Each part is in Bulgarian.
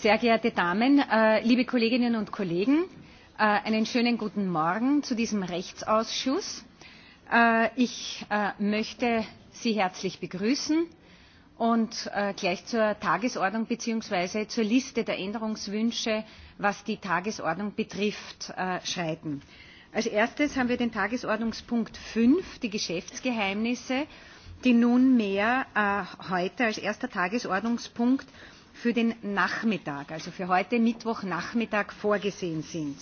sehr geehrte Damen, liebe Kolleginnen und Kollegen, einen schönen guten Morgen zu diesem Rechtsausschuss. Ich möchte Sie herzlich begrüßen und gleich zur Tagesordnung bzw. zur Liste der Änderungswünsche, was die Tagesordnung betrifft, schreiten. Als erstes haben wir den Tagesordnungspunkt 5, die Geschäftsgeheimnisse, die nunmehr heute als erster Tagesordnungspunkt für den Nachmittag, also für heute Mittwochnachmittag vorgesehen sind.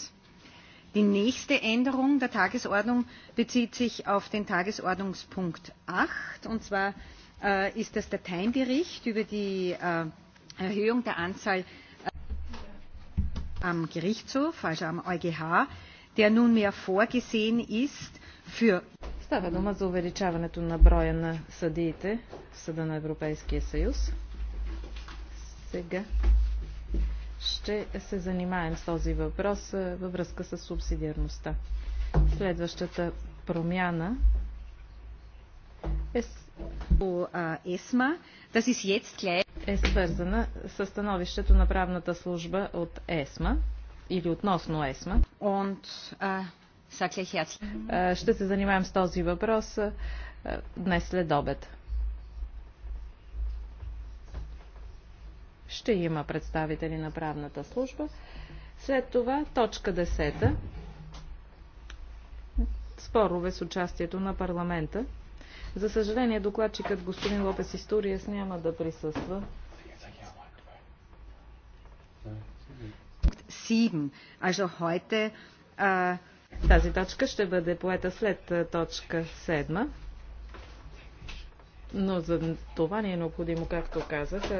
Die nächste Änderung der Tagesordnung bezieht sich auf den Tagesordnungspunkt 8, und zwar äh, ist das der über die äh, Erhöhung der Anzahl am Gerichtshof, also am EuGH, der nunmehr vorgesehen ist für Става дума за увеличаването на броя на съдиите в Съда на Европейския съюз. Сега ще се занимаем с този въпрос във връзка с субсидиарността. Следващата промяна е, е свързана с становището на правната служба от ЕСМА или относно ЕСМА. Ще се занимаем с този въпрос днес след обед. ще има представители на правната служба. След това точка 10. Спорове с участието на парламента. За съжаление, докладчикът господин Лопес Историес няма да присъства. 7. Also heute, uh... Тази точка ще бъде поета след точка 7. Но за това ни е необходимо, както казах,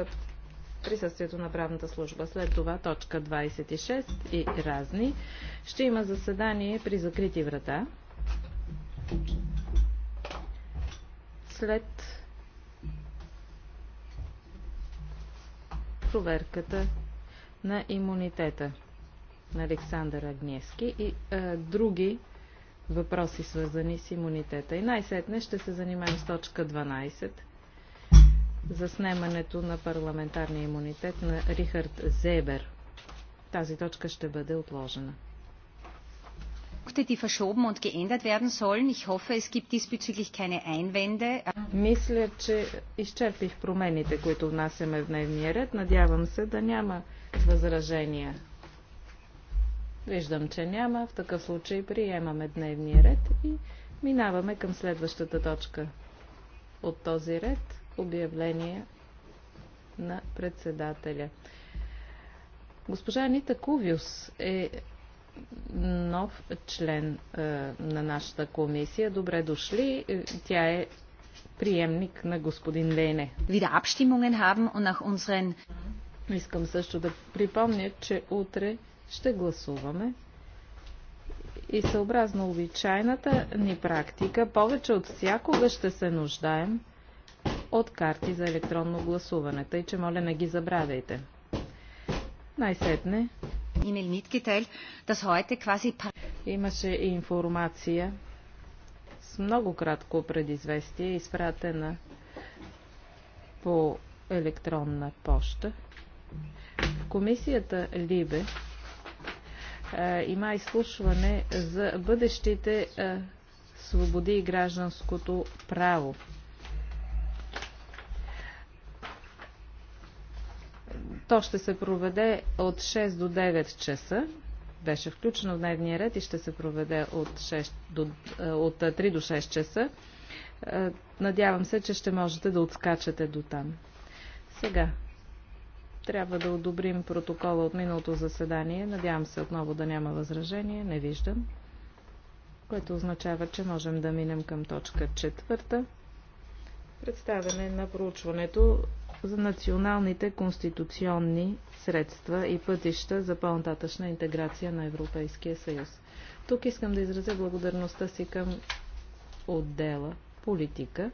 присъствието на правната служба. След това точка 26 и разни. Ще има заседание при закрити врата. След проверката на имунитета на Александър Агнески и е, други въпроси, свързани с имунитета. И най-сетне ще се занимаем с точка 12 за снемането на парламентарния имунитет на Рихард Зебер. Тази точка ще бъде отложена. Мисля, че изчерпих промените, които внасяме в дневния ред. Надявам се да няма възражения. Виждам, че няма. В такъв случай приемаме дневния ред и минаваме към следващата точка от този ред обявление на председателя. Госпожа Анита Кувиус е нов член е, на нашата комисия. Добре дошли. Е, тя е приемник на господин Лейне. Искам също да припомня, че утре ще гласуваме и съобразно обичайната ни практика, повече от всякога ще се нуждаем от карти за електронно гласуване, тъй че моля не ги забравяйте. Най-сетне. Имаше и информация с много кратко предизвестие, изпратена по електронна поща. В комисията Либе е, има изслушване за бъдещите е, свободи и гражданското право. То ще се проведе от 6 до 9 часа. Беше включено в дневния ред и ще се проведе от, 6 до, е, от 3 е, до 6 часа. Е, надявам се, че ще можете да отскачате до там. Сега трябва да одобрим протокола от миналото заседание. Надявам се отново да няма възражение. Не виждам. Което означава, че можем да минем към точка четвърта. Представяне на проучването за националните конституционни средства и пътища за по-нататъчна интеграция на Европейския съюз. Тук искам да изразя благодарността си към отдела политика,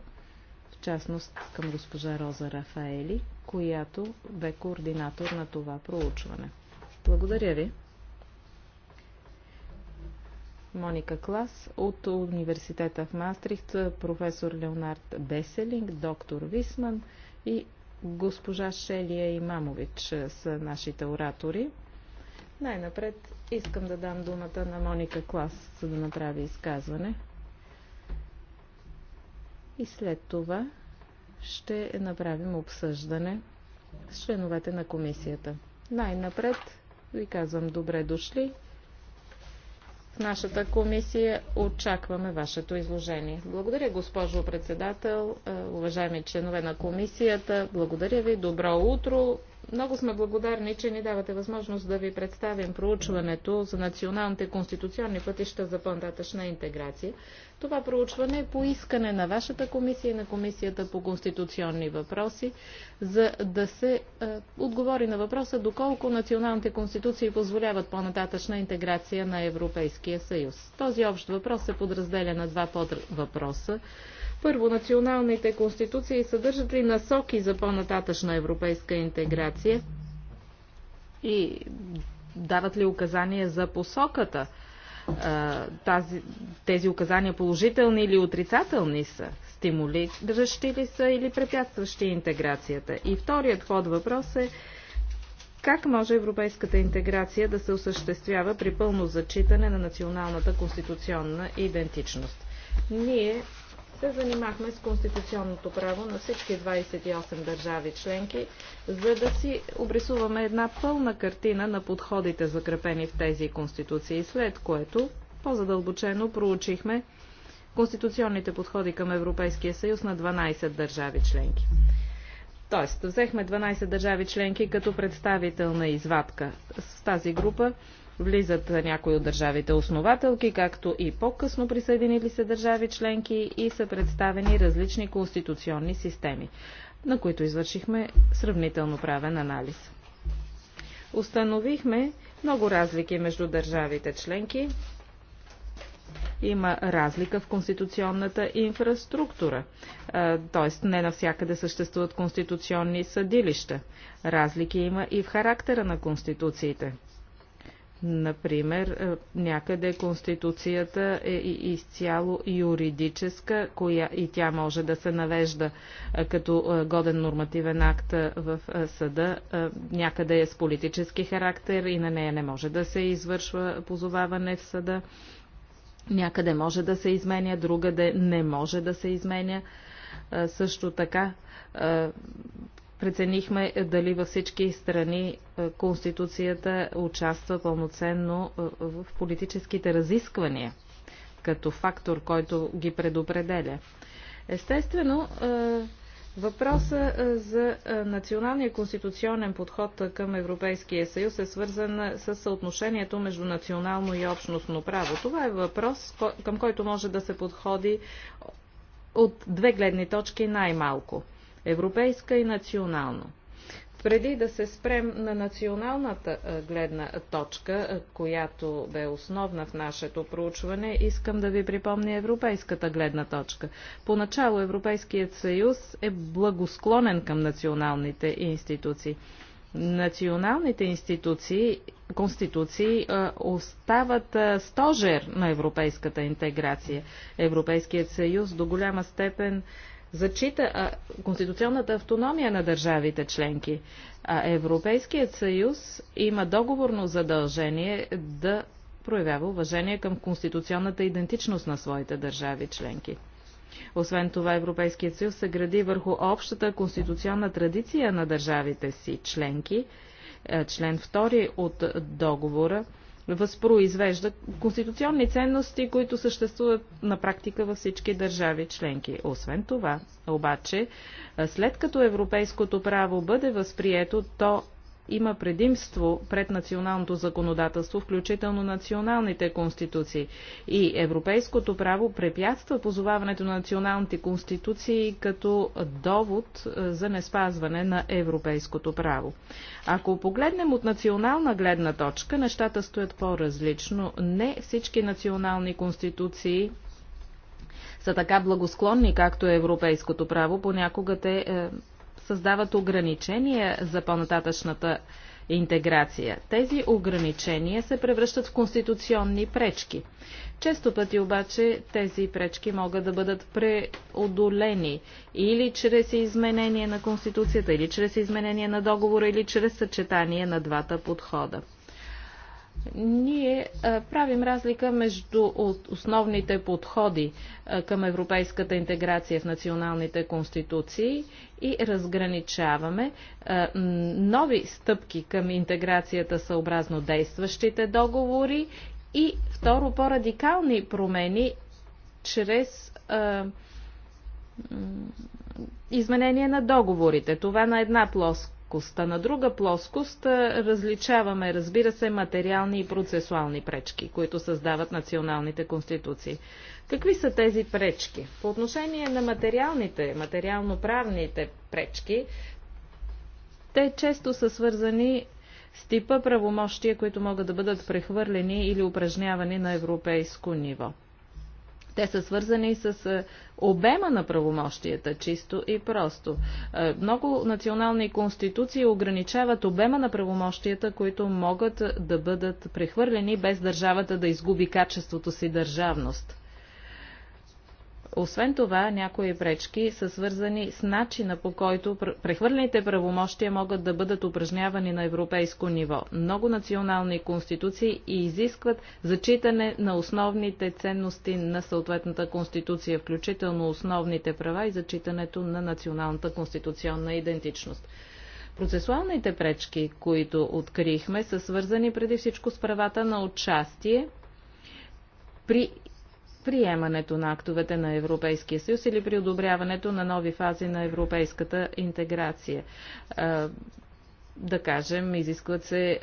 в частност към госпожа Роза Рафаели, която бе координатор на това проучване. Благодаря ви. Моника Клас от университета в Мастрихт, професор Леонард Беселинг, доктор Висман и Госпожа Шелия Имамович е, са нашите оратори. Най-напред искам да дам думата на Моника Клас, за да направи изказване. И след това ще направим обсъждане с членовете на комисията. Най-напред ви казвам добре дошли. В нашата комисия очакваме вашето изложение. Благодаря, госпожо председател, е, уважаеми членове на комисията. Благодаря ви. Добро утро. Много сме благодарни, че ни давате възможност да ви представим проучването за националните конституционни пътища за по-нататъчна интеграция. Това проучване е по искане на вашата комисия и на комисията по конституционни въпроси, за да се е, отговори на въпроса доколко националните конституции позволяват по-нататъчна интеграция на Европейския съюз. Този общ въпрос се подразделя на два подвъпроса. въпроса първо, националните конституции съдържат ли насоки за по-нататъчна европейска интеграция и дават ли указания за посоката? Е, тази, тези указания положителни или отрицателни са? Стимулиращи ли са или препятстващи интеграцията? И вторият ход въпрос е как може европейската интеграция да се осъществява при пълно зачитане на националната конституционна идентичност? Ние се занимахме с конституционното право на всички 28 държави членки, за да си обрисуваме една пълна картина на подходите, закрепени в тези конституции, след което по-задълбочено проучихме конституционните подходи към Европейския съюз на 12 държави членки. Тоест, взехме 12 държави членки като представителна извадка. С тази група влизат някои от държавите основателки, както и по-късно присъединили се държави членки и са представени различни конституционни системи, на които извършихме сравнително правен анализ. Установихме много разлики между държавите членки. Има разлика в конституционната инфраструктура, т.е. не навсякъде съществуват конституционни съдилища. Разлики има и в характера на конституциите – Например, е, някъде Конституцията е изцяло юридическа коя, и тя може да се навежда е, като е, годен нормативен акт в съда. Някъде е с политически характер и на нея не може да се извършва позоваване в съда. Някъде може да се изменя, другаде не може да се изменя. Също така преценихме е, дали във всички страни е, Конституцията участва пълноценно е, в политическите разисквания като фактор, който ги предопределя. Естествено, Въпроса за националния конституционен подход към Европейския съюз е свързан с съотношението между национално и общностно право. Това е въпрос, към който може да се подходи от две гледни точки най-малко европейска и национално. Преди да се спрем на националната гледна точка, която бе основна в нашето проучване, искам да ви припомня европейската гледна точка. Поначало Европейският съюз е благосклонен към националните институции. Националните институции, конституции остават стожер на европейската интеграция. Европейският съюз до голяма степен зачита а, конституционната автономия на държавите членки. А Европейският съюз има договорно задължение да проявява уважение към конституционната идентичност на своите държави членки. Освен това, Европейският съюз се гради върху общата конституционна традиция на държавите си членки, е, член 2 от договора възпроизвежда конституционни ценности, които съществуват на практика във всички държави членки. Освен това, обаче, след като европейското право бъде възприето, то има предимство пред националното законодателство, включително националните конституции. И европейското право препятства позоваването на националните конституции като довод е, за неспазване на европейското право. Ако погледнем от национална гледна точка, нещата стоят по-различно. Не всички национални конституции са така благосклонни, както е европейското право. Понякога те е, създават ограничения за по-нататъчната интеграция. Тези ограничения се превръщат в конституционни пречки. Често пъти обаче тези пречки могат да бъдат преодолени или чрез изменение на Конституцията, или чрез изменение на договора, или чрез съчетание на двата подхода. Ние правим разлика между основните подходи към европейската интеграция в националните конституции и разграничаваме нови стъпки към интеграцията съобразно действащите договори и второ по-радикални промени чрез изменение на договорите. Това на една плоскост плоскост. А на друга плоскост различаваме, разбира се, материални и процесуални пречки, които създават националните конституции. Какви са тези пречки? По отношение на материалните, материално-правните пречки, те често са свързани с типа правомощия, които могат да бъдат прехвърлени или упражнявани на европейско ниво. Те са свързани с е, обема на правомощията, чисто и просто. Е, много национални конституции ограничават обема на правомощията, които могат да бъдат прехвърлени без държавата да изгуби качеството си държавност. Освен това, някои пречки са свързани с начина по който прехвърлените правомощия могат да бъдат упражнявани на европейско ниво. Много национални конституции и изискват зачитане на основните ценности на съответната конституция, включително основните права и зачитането на националната конституционна идентичност. Процесуалните пречки, които открихме, са свързани преди всичко с правата на участие при приемането на актовете на Европейския съюз или при одобряването на нови фази на европейската интеграция. Да кажем, изискват се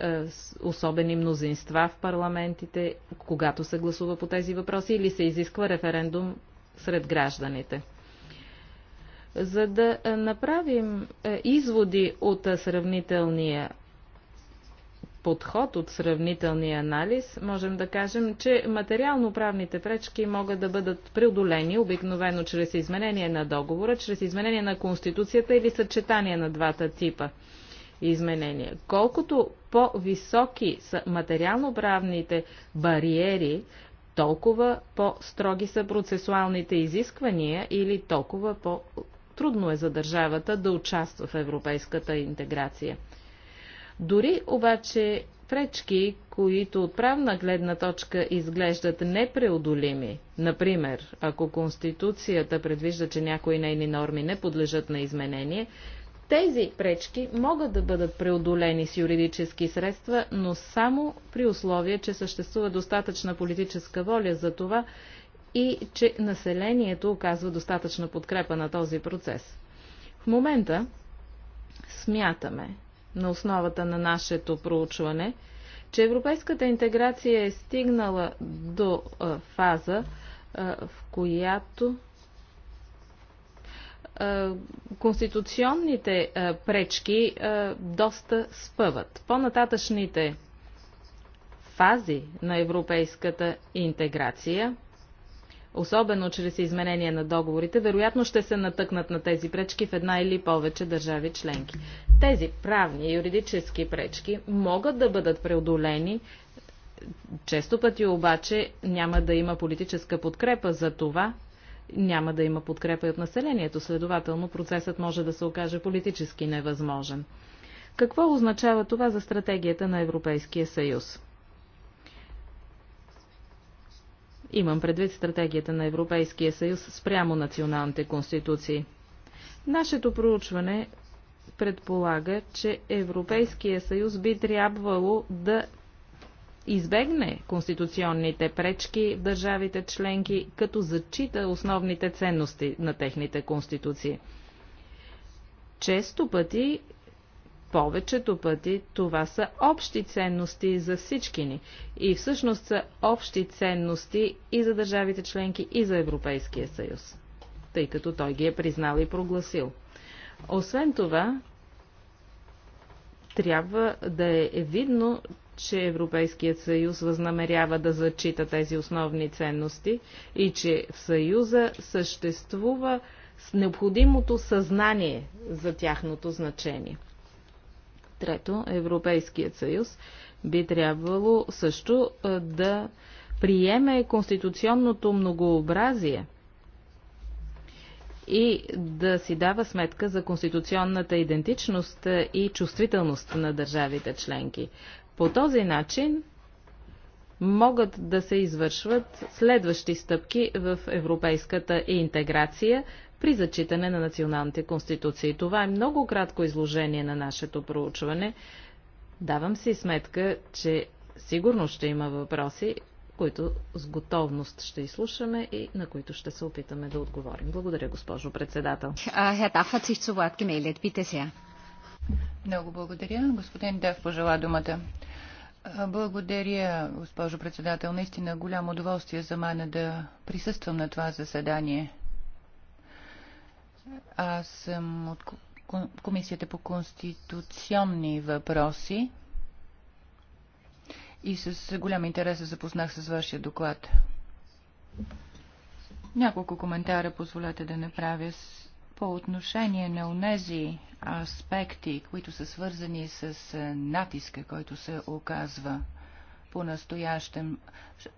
особени мнозинства в парламентите, когато се гласува по тези въпроси или се изисква референдум сред гражданите. За да направим изводи от сравнителния подход от сравнителния анализ, можем да кажем, че материално-правните пречки могат да бъдат преодолени обикновено чрез изменение на договора, чрез изменение на Конституцията или съчетание на двата типа изменения. Колкото по-високи са материално-правните бариери, толкова по-строги са процесуалните изисквания или толкова по-трудно е за държавата да участва в европейската интеграция – дори обаче пречки, които от правна гледна точка изглеждат непреодолими, например, ако Конституцията предвижда, че някои нейни норми не подлежат на изменение, тези пречки могат да бъдат преодолени с юридически средства, но само при условие, че съществува достатъчна политическа воля за това и че населението оказва достатъчна подкрепа на този процес. В момента смятаме, на основата на нашето проучване, че европейската интеграция е стигнала до а, фаза, а, в която конституционните пречки доста спъват. По-нататъчните фази на европейската интеграция – особено чрез изменение на договорите, вероятно ще се натъкнат на тези пречки в една или повече държави членки. Тези правни и юридически пречки могат да бъдат преодолени често пъти обаче няма да има политическа подкрепа за това, няма да има подкрепа и от населението, следователно процесът може да се окаже политически невъзможен. Какво означава това за стратегията на Европейския съюз? Имам предвид стратегията на Европейския съюз спрямо националните конституции. Нашето проучване предполага, че Европейския съюз би трябвало да избегне конституционните пречки в държавите членки, като зачита основните ценности на техните конституции. Често пъти повечето пъти това са общи ценности за всички ни и всъщност са общи ценности и за държавите членки и за Европейския съюз, тъй като той ги е признал и прогласил. Освен това, трябва да е видно, че Европейският съюз възнамерява да зачита тези основни ценности и че в съюза съществува с необходимото съзнание за тяхното значение – Трето, Европейският съюз би трябвало също да приеме конституционното многообразие и да си дава сметка за конституционната идентичност и чувствителност на държавите членки. По този начин могат да се извършват следващи стъпки в европейската интеграция при зачитане на националните конституции. Това е много кратко изложение на нашето проучване. Давам си сметка, че сигурно ще има въпроси, които с готовност ще изслушаме и на които ще се опитаме да отговорим. Благодаря, госпожо председател. Много благодаря. Господин Дев пожела думата. Благодаря, госпожо председател. Наистина голямо удоволствие за мен е да присъствам на това заседание. Аз съм от Комисията по конституционни въпроси и с голям интерес се запознах с вашия доклад. Няколко коментара позволете да направя по отношение на онези аспекти, които са свързани с натиска, който се оказва по-настоящем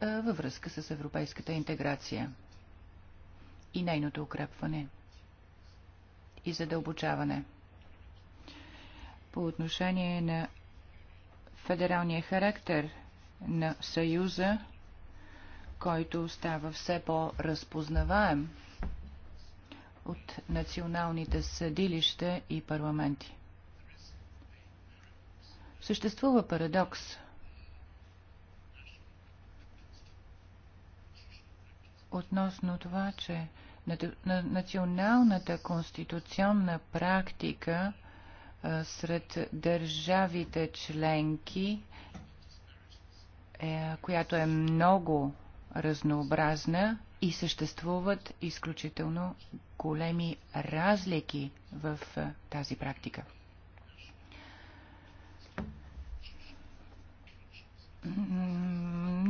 във връзка с европейската интеграция и нейното укрепване и задълбочаване. По отношение на федералния характер на Съюза, който става все по-разпознаваем от националните съдилища и парламенти. Съществува парадокс. Относно това, че на националната конституционна практика сред държавите членки, е, която е много разнообразна и съществуват изключително големи разлики в тази практика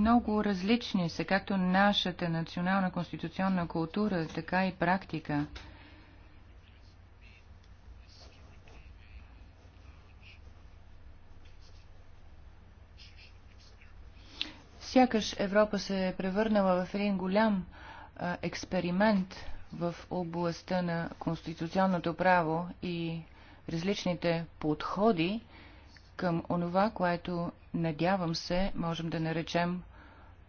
много различни са, както нашата национална конституционна култура, така и практика. Сякаш Европа се е превърнала в един голям а, експеримент в областта на конституционното право и различните подходи към онова, което, надявам се, можем да наречем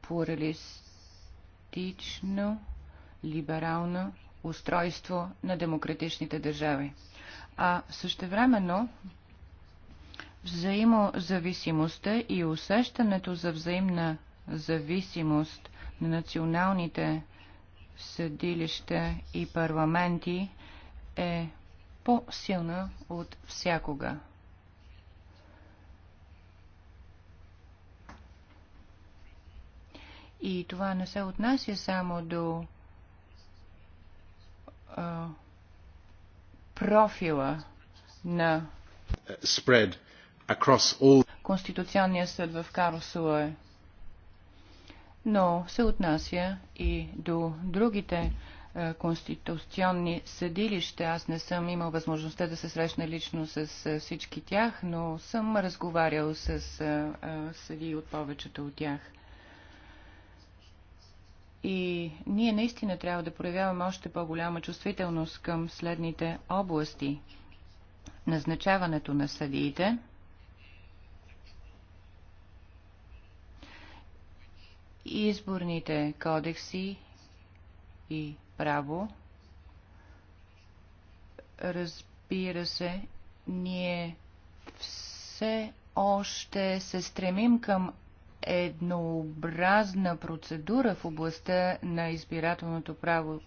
плуралистично, либерално устройство на демократичните държави. А същевременно взаимозависимостта и усещането за взаимна зависимост на националните съдилища и парламенти е по-силна от всякога. И това не се отнася само до а, профила на spread across all... Конституционния съд в Карлсуе, но се отнася и до другите конституционни съдилища. Аз не съм имал възможността да се срещна лично с всички тях, но съм разговарял с съди от повечето от тях. И ние наистина трябва да проявяваме още по-голяма чувствителност към следните области. Назначаването на съдиите, изборните кодекси и право. Разбира се, ние все още се стремим към еднообразна процедура в областта на избирателното право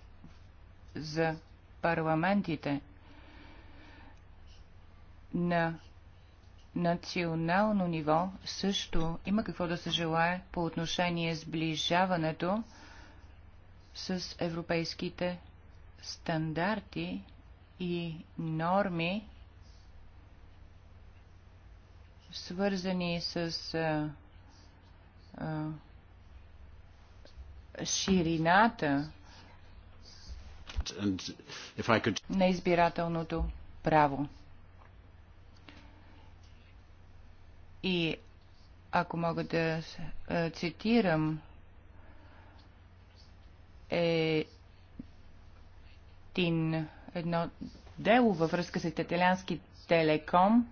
за парламентите на национално ниво също има какво да се желае по отношение сближаването с европейските стандарти и норми, свързани с ширината could... на избирателното право. И ако мога да цитирам е един, едно дело във връзка с италиански телеком,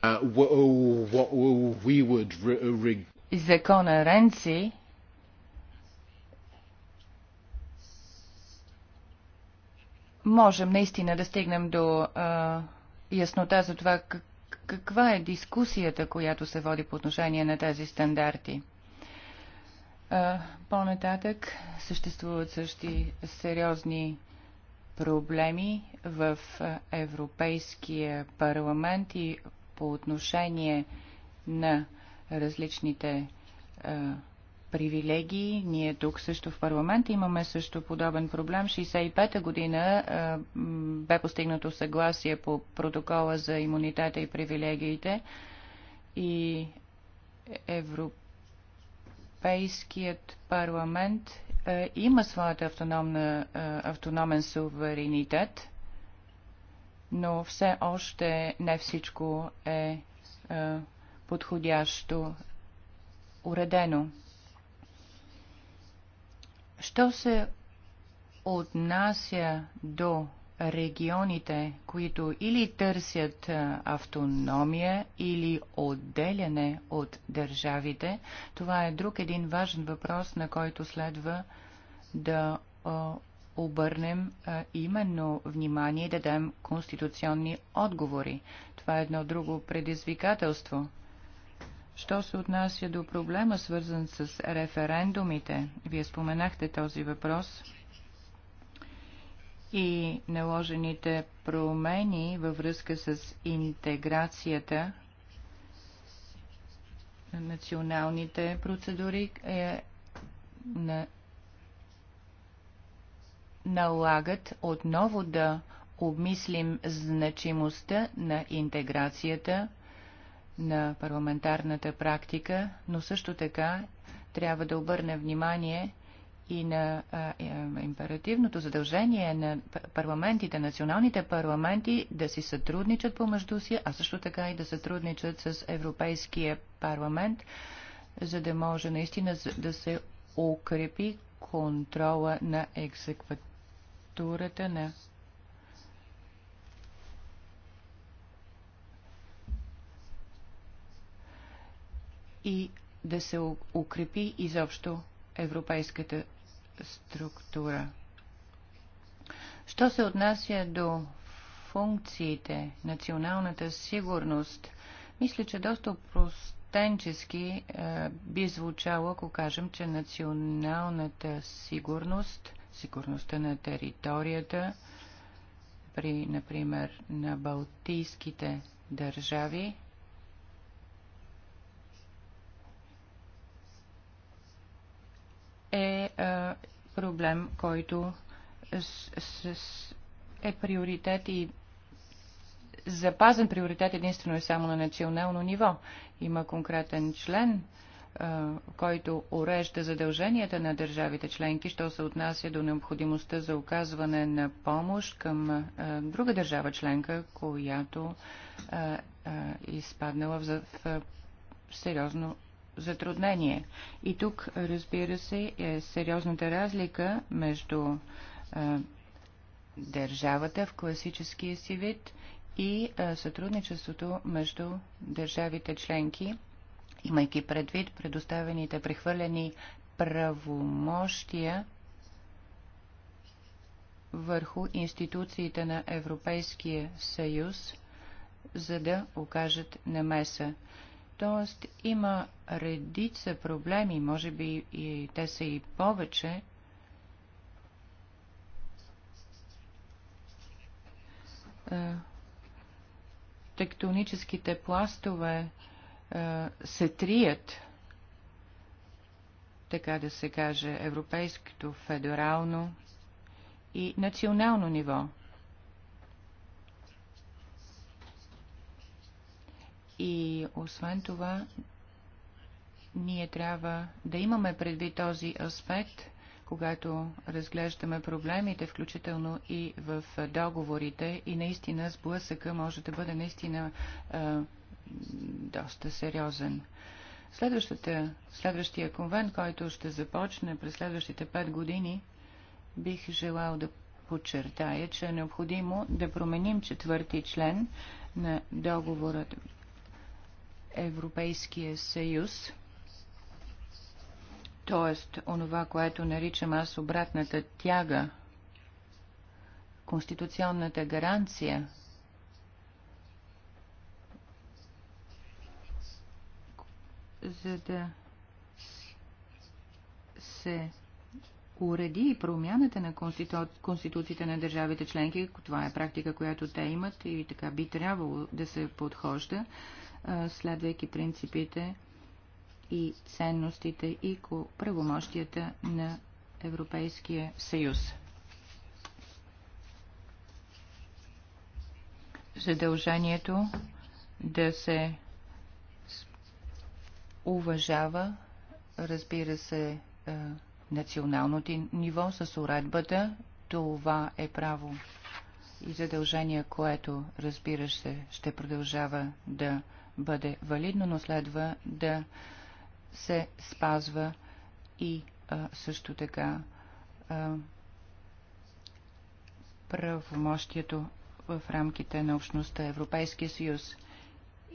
Uh, oh, oh, uh, Закона Ренци можем наистина да стигнем до яснота за това каква е дискусията, която се води по отношение на тези стандарти. По-нататък съществуват същи сериозни проблеми в Европейския парламент и по отношение на различните е, привилегии. Ние тук също в парламента имаме също подобен проблем. 65-та година е, бе постигнато съгласие по протокола за имунитета и привилегиите и Европейският парламент е, има своята автономна, е, автономен суверенитет но все още не всичко е, е подходящо уредено. Що се отнася до регионите, които или търсят е, автономия или отделяне от държавите, това е друг един важен въпрос, на който следва да обърнем а, именно внимание и да дадем конституционни отговори. Това е едно друго предизвикателство. Що се отнася до проблема, свързан с референдумите, вие споменахте този въпрос и наложените промени във връзка с интеграцията на националните процедури е, на налагат отново да обмислим значимостта на интеграцията на парламентарната практика, но също така трябва да обърне внимание и на а, е, императивното задължение на парламентите, националните парламенти да си сътрудничат помежду си, а също така и да сътрудничат с Европейския парламент, за да може наистина да се укрепи контрола на екзекват структурата на и да се укрепи изобщо европейската структура. Що се отнася до функциите, националната сигурност, мисля, че доста простенчески е, би звучало, ако кажем, че националната сигурност сигурността на територията, при, например, на Балтийските държави, е, е проблем, който с, с, е приоритет и запазен приоритет единствено и само на национално ниво. Има конкретен член, който урежда задълженията на държавите членки, що се отнася до необходимостта за оказване на помощ към друга държава членка, която изпаднала в сериозно затруднение. И тук, разбира се, е сериозната разлика между държавата в класическия си вид и сътрудничеството между държавите членки имайки предвид предоставените прехвърлени правомощия върху институциите на Европейския съюз, за да окажат намеса. Тоест има редица проблеми, може би и те са и повече, е, тектоническите пластове, се трият, така да се каже, европейското, федерално и национално ниво. И освен това, ние трябва да имаме предвид този аспект, когато разглеждаме проблемите, включително и в договорите, и наистина сблъсъка може да бъде наистина доста сериозен. Следващата, следващия конвент, който ще започне през следващите пет години, бих желал да подчертая, че е необходимо да променим четвърти член на договорът Европейския съюз, т.е. онова, което наричам аз обратната тяга, конституционната гаранция за да се уреди и промяната на конститу... конституциите на държавите членки. Това е практика, която те имат и така би трябвало да се подхожда, следвайки принципите и ценностите и правомощията на Европейския съюз. Задължението да се уважава, разбира се, е, националното ниво с уредбата. Това е право и задължение, което, разбира се, ще продължава да бъде валидно, но следва да се спазва и е, също така е, правомощието в рамките на общността Европейския съюз,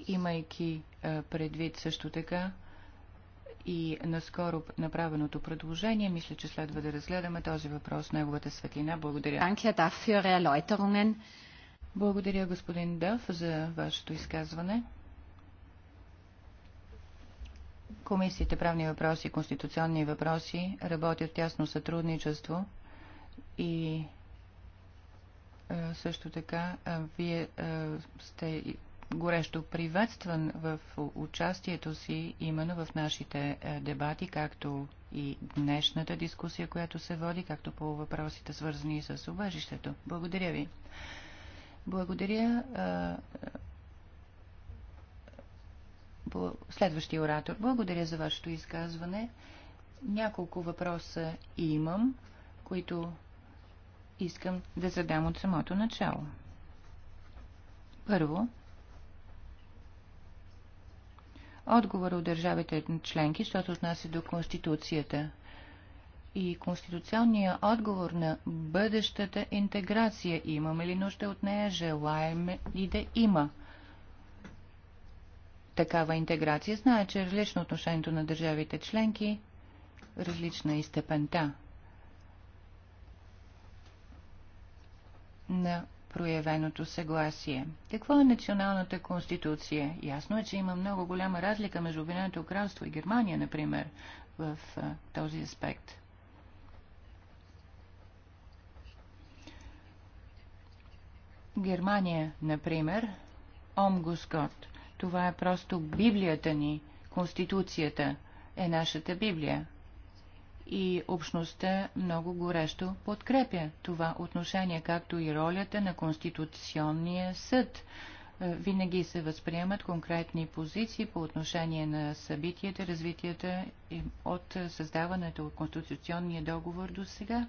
имайки предвид също така и наскоро направеното предложение, мисля, че следва да разгледаме този въпрос неговата светлина. Благодаря. Благодаря, господин Дъв, за вашето изказване. Комисиите правни въпроси и конституционни въпроси работят тясно сътрудничество и също така вие сте горещо приветстван в участието си именно в нашите е, дебати, както и днешната дискусия, която се води, както по въпросите свързани с убежището. Благодаря ви. Благодаря. Е, следващия оратор. Благодаря за вашето изказване. Няколко въпроса имам, които искам да задам от самото начало. Първо, отговора от държавите членки, защото отнася до Конституцията и конституционния отговор на бъдещата интеграция. Имаме ли нужда от нея? Желаем ли да има? Такава интеграция знае, че е различно отношението на държавите членки, различна и степента на проявеното съгласие. Какво е националната конституция? Ясно е, че има много голяма разлика между Обединеното кралство и Германия, например, в този аспект. Германия, например, Омгускот. Това е просто Библията ни, Конституцията е нашата Библия и общността много горещо подкрепя това отношение, както и ролята на Конституционния съд. Е, винаги се възприемат конкретни позиции по отношение на събитията, развитията от създаването от Конституционния договор до сега.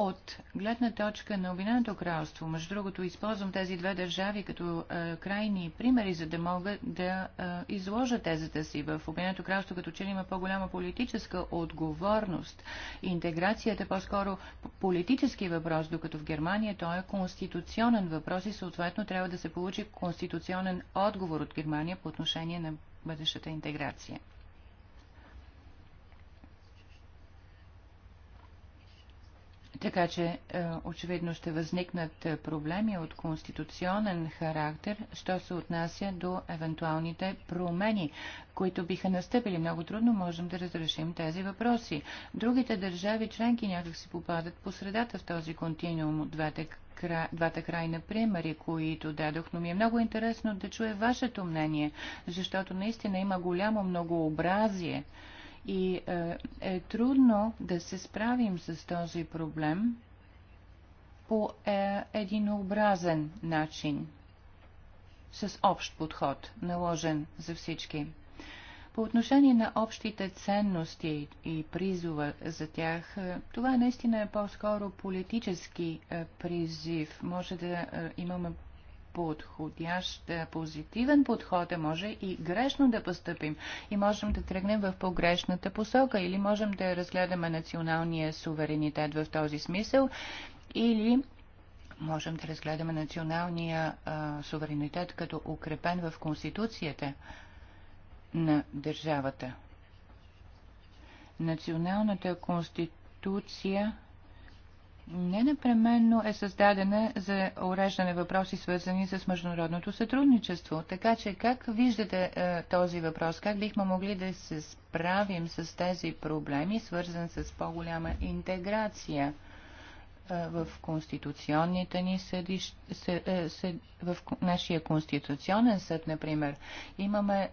От гледна точка на Обединеното кралство, между другото, използвам тези две държави като а, е, крайни примери, за да мога да а, е, изложа тезата си. В Обединеното кралство като че ли има по-голяма политическа отговорност. Интеграцията е по-скоро политически въпрос, докато в Германия той е конституционен въпрос и съответно трябва да се получи конституционен отговор от Германия по отношение на бъдещата интеграция. Така че е, очевидно ще възникнат е, проблеми от конституционен характер, що се отнася до евентуалните промени, които биха настъпили. Много трудно можем да разрешим тези въпроси. Другите държави членки някак си попадат по средата в този континуум от двете двата крайна примери, които дадох, но ми е много интересно да чуя вашето мнение, защото наистина има голямо многообразие и е, е трудно да се справим с този проблем по е, единообразен начин, с общ подход, наложен за всички. По отношение на общите ценности и призова за тях, е, това наистина е по-скоро политически призив. Може да имаме подходящ, е, позитивен подход, а е, може и грешно да поступим. И можем да тръгнем в погрешната посока или можем да разгледаме националния суверенитет в този смисъл или можем да разгледаме националния а, суверенитет като укрепен в Конституцията на държавата. Националната конституция не непременно е създадена за уреждане въпроси, свързани с международното сътрудничество. Така че как виждате е, този въпрос? Как бихме могли да се справим с тези проблеми, свързан с по-голяма интеграция? в конституционните ни съдища. Е, в нашия конституционен съд, например, имаме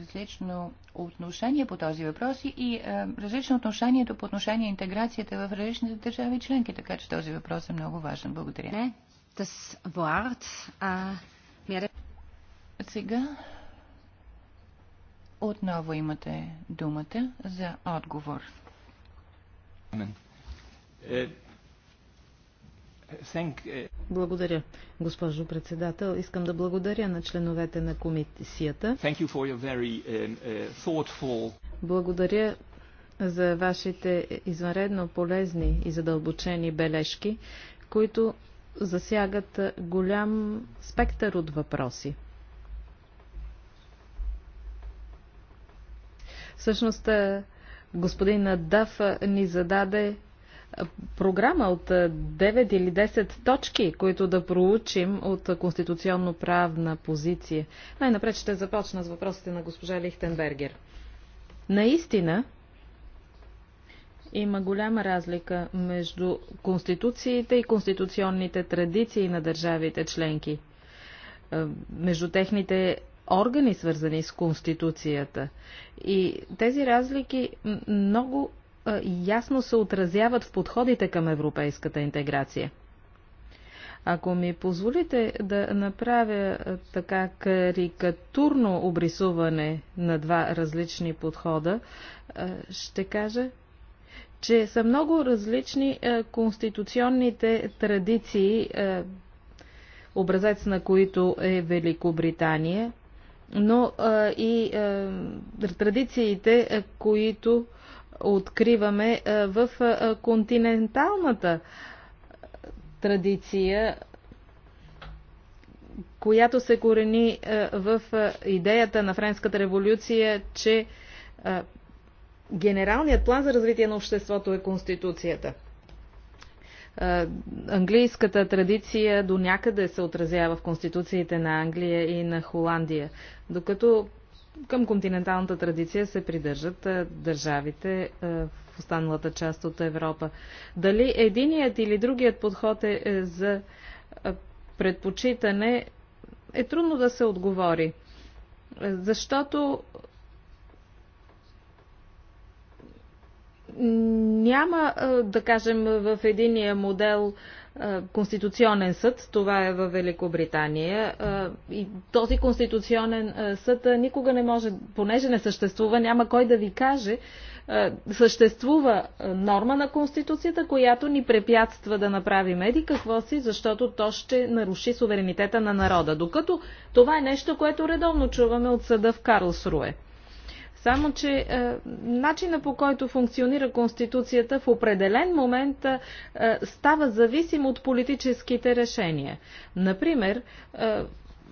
различно отношение по този въпрос и различно отношението по отношение интеграцията в различните държави членки, така че този въпрос е много важен. Благодаря. Не, das Wort, а, мере... Сега отново имате думата за отговор. Amen. Е, Eh, благодаря, госпожо председател. Искам да благодаря на членовете на комисията. Um, uh, благодаря за вашите извънредно полезни и задълбочени бележки, които засягат голям спектър от въпроси. Всъщност, господин Даф ни зададе програма от 9 е, или 10 точки, които да проучим от конституционно-правна позиция. Най-напред ще започна с въпросите на госпожа Лихтенбергер. Наистина, има голяма разлика между конституциите и конституционните традиции на държавите членки, е, между техните органи, свързани с конституцията. И тези разлики много е, ясно се отразяват в подходите към европейската интеграция. Ако ми позволите да направя е, така карикатурно обрисуване на два различни подхода, е, ще кажа, че са много различни конституционните традиции, образец на които е Великобритания, но и традициите, които откриваме в континенталната традиция, която се корени в идеята на Френската революция, че генералният план за развитие на обществото е Конституцията. Английската традиция до някъде се отразява в конституциите на Англия и на Холандия, докато към континенталната традиция се придържат държавите в останалата част от Европа. Дали единият или другият подход е, е за предпочитане, е трудно да се отговори. Защото няма, да кажем, в единия модел Конституционен съд, това е във Великобритания. И този Конституционен съд никога не може, понеже не съществува, няма кой да ви каже, съществува норма на Конституцията, която ни препятства да направим еди какво си, защото то ще наруши суверенитета на народа. Докато това е нещо, което редовно чуваме от съда в Карлсруе. Само, че е, начина по който функционира Конституцията в определен момент е, става зависим от политическите решения. Например, е,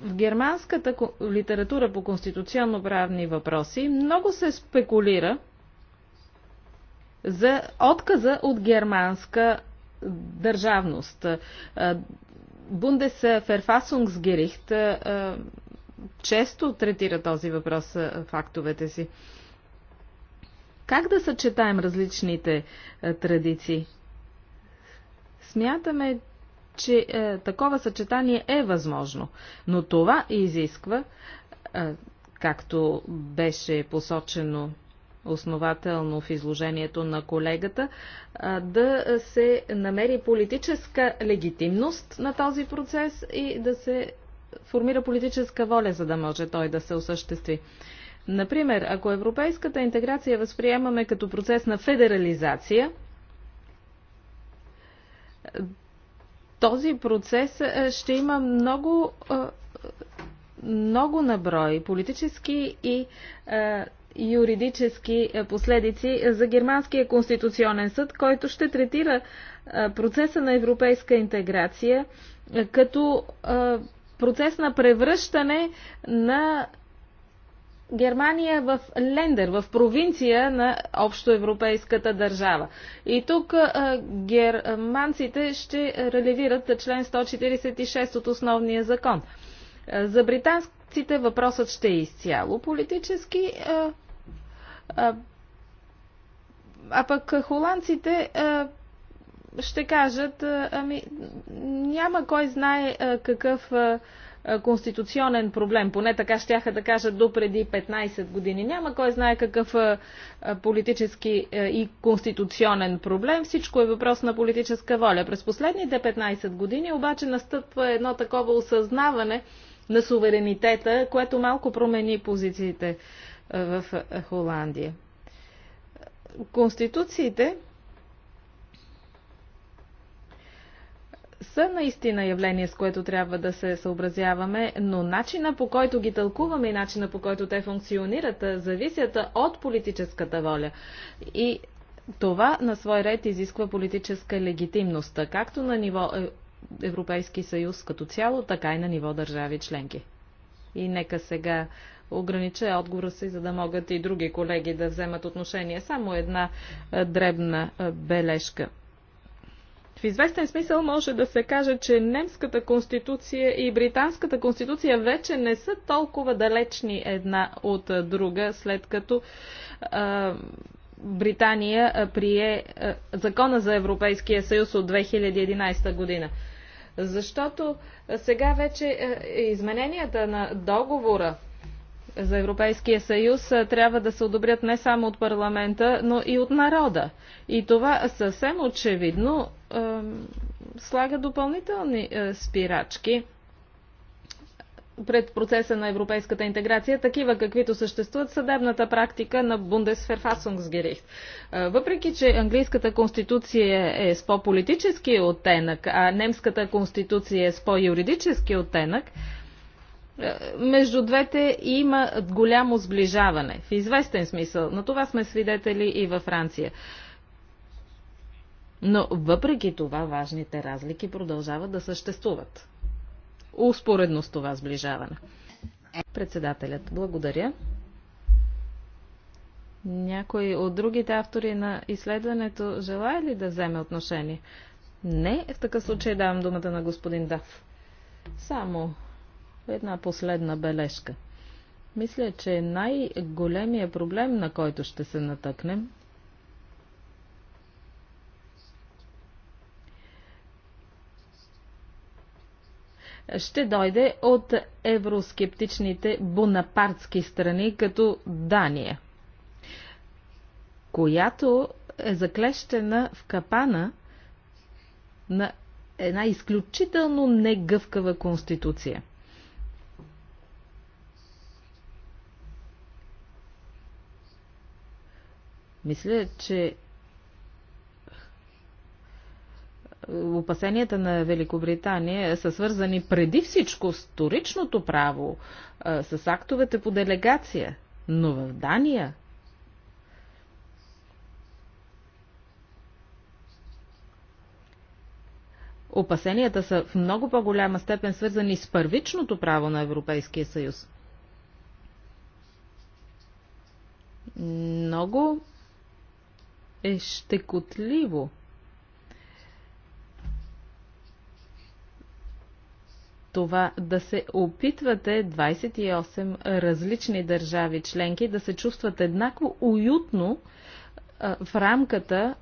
в германската литература по конституционно-правни въпроси много се спекулира за отказа от германска държавност. Е, Бундес Ферфасунгсгерихт е, често третира този въпрос в актовете си. Как да съчетаем различните традиции? Смятаме, че е, такова съчетание е възможно, но това изисква, е, както беше посочено основателно в изложението на колегата, да се намери политическа легитимност на този процес и да се формира политическа воля, за да може той да се осъществи. Например, ако европейската интеграция възприемаме като процес на федерализация, този процес е, ще има много, е, много наброи политически и е, юридически последици за Германския конституционен съд, който ще третира процеса на европейска интеграция като процес на превръщане на Германия в Лендер, в провинция на общоевропейската държава. И тук германците ще релевират член 146 от основния закон. за британците въпросът ще е изцяло политически, а, а, а пък холандците а, ще кажат, ами няма кой знае какъв конституционен проблем, поне така щяха да кажат до преди 15 години. Няма кой знае какъв политически и конституционен проблем, всичко е въпрос на политическа воля. През последните 15 години обаче настъпва едно такова осъзнаване на суверенитета, което малко промени позициите в Холандия. Конституциите са наистина явление, с което трябва да се съобразяваме, но начина по който ги тълкуваме и начина по който те функционират зависят от политическата воля. И това на свой ред изисква политическа легитимност, както на ниво е, Европейски съюз като цяло, така и на ниво държави членки. И нека сега огранича отговора си, за да могат и други колеги да вземат отношение. Само една дребна бележка. В известен смисъл може да се каже, че немската конституция и британската конституция вече не са толкова далечни една от друга, след като а, Британия прие а, закона за Европейския съюз от 2011 година. Защото сега вече измененията на договора за Европейския съюз трябва да се одобрят не само от парламента, но и от народа. И това съвсем очевидно е, слага допълнителни е, спирачки пред процеса на европейската интеграция, такива каквито съществуват съдебната практика на Бундесферфасунгсгерихт. Въпреки, че английската конституция е с по-политически оттенък, а немската конституция е с по-юридически оттенък, е, между двете има голямо сближаване. В известен смисъл. На това сме свидетели и във Франция. Но въпреки това важните разлики продължават да съществуват. Успоредно с това сближаване. Председателят, благодаря. Някой от другите автори на изследването желая ли да вземе отношение? Не, в такъв случай давам думата на господин Дав. Само една последна бележка. Мисля, че най-големия проблем, на който ще се натъкнем, ще дойде от евроскептичните бонапартски страни, като Дания, която е заклещена в капана на една изключително негъвкава конституция – Мисля, че опасенията на Великобритания са свързани преди всичко с вторичното право, с актовете по делегация. Но в Дания опасенията са в много по-голяма степен свързани с първичното право на Европейския съюз. Много е щекотливо. това да се опитвате 28 различни държави членки да се чувстват еднакво уютно а, в рамката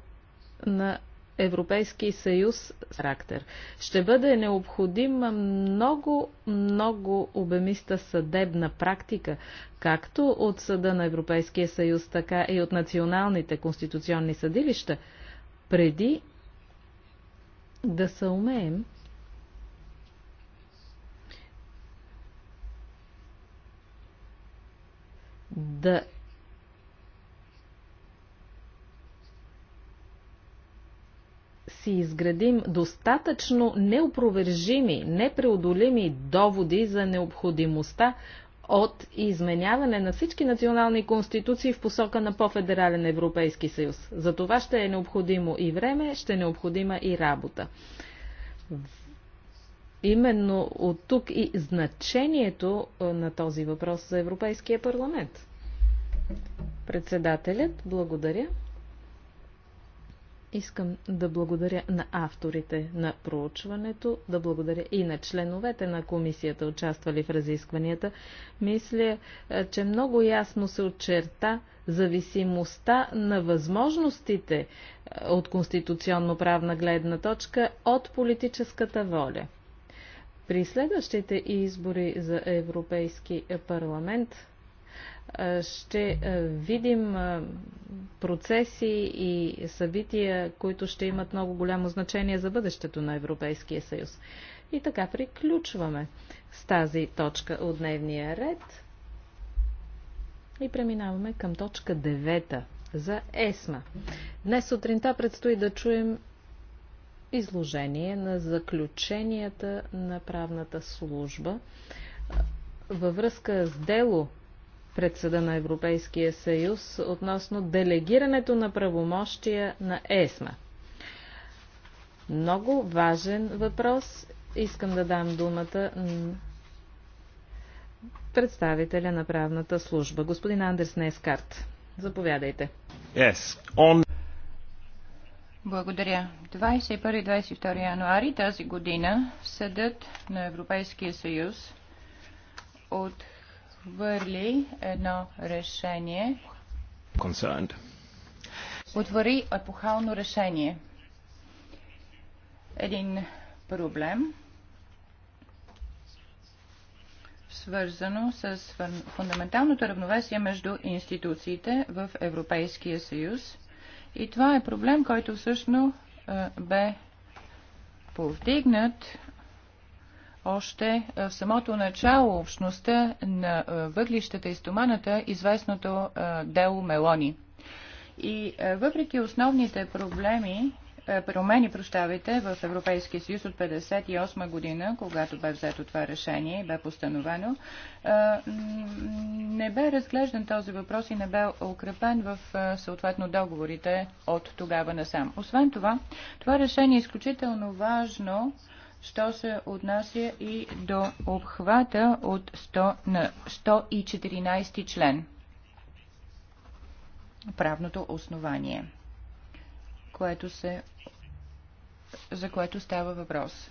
на Европейски съюз с характер. Ще бъде необходима много, много обемиста съдебна практика, както от Съда на Европейския съюз, така и от националните конституционни съдилища, преди да се умеем да си изградим достатъчно неопровержими, непреодолими доводи за необходимостта от изменяване на всички национални конституции в посока на по-федерален Европейски съюз. За това ще е необходимо и време, ще е необходима и работа. Именно от тук и значението е, на този въпрос за Европейския парламент. Председателят, благодаря. Искам да благодаря на авторите на проучването, да благодаря и на членовете на комисията, участвали в разискванията. Мисля, е, че много ясно се очерта зависимостта на възможностите е, от конституционно-правна гледна точка от политическата воля. При следващите избори за Европейски парламент ще видим процеси и събития, които ще имат много голямо значение за бъдещето на Европейския съюз. И така приключваме с тази точка от дневния ред и преминаваме към точка 9 за ЕСМА. Днес сутринта предстои да чуем изложение на заключенията на правната служба във връзка с дело пред Съда на Европейския съюз относно делегирането на правомощия на ЕСМА. Много важен въпрос. Искам да дам думата представителя на правната служба. Господин Андерс Нескарт, заповядайте. Yes. On... Благодаря. 21-22 януари тази година Съдът на Европейския съюз от отхвърли едно решение. Concerned. Отвори епохално решение. Един проблем, свързано с фундаменталното равновесие между институциите в Европейския съюз. И това е проблем, който всъщност бе повдигнат още в самото начало общността на въглищата и стоманата известното дело Мелони. И въпреки основните проблеми, промени, прощавайте, в Европейския съюз от 1958 година, когато бе взето това решение и бе постановено, не бе разглеждан този въпрос и не бе укрепен в съответно договорите от тогава насам. Освен това, това решение е изключително важно що се отнася и до обхвата от 100 на 114 член. Правното основание, което се, за което става въпрос.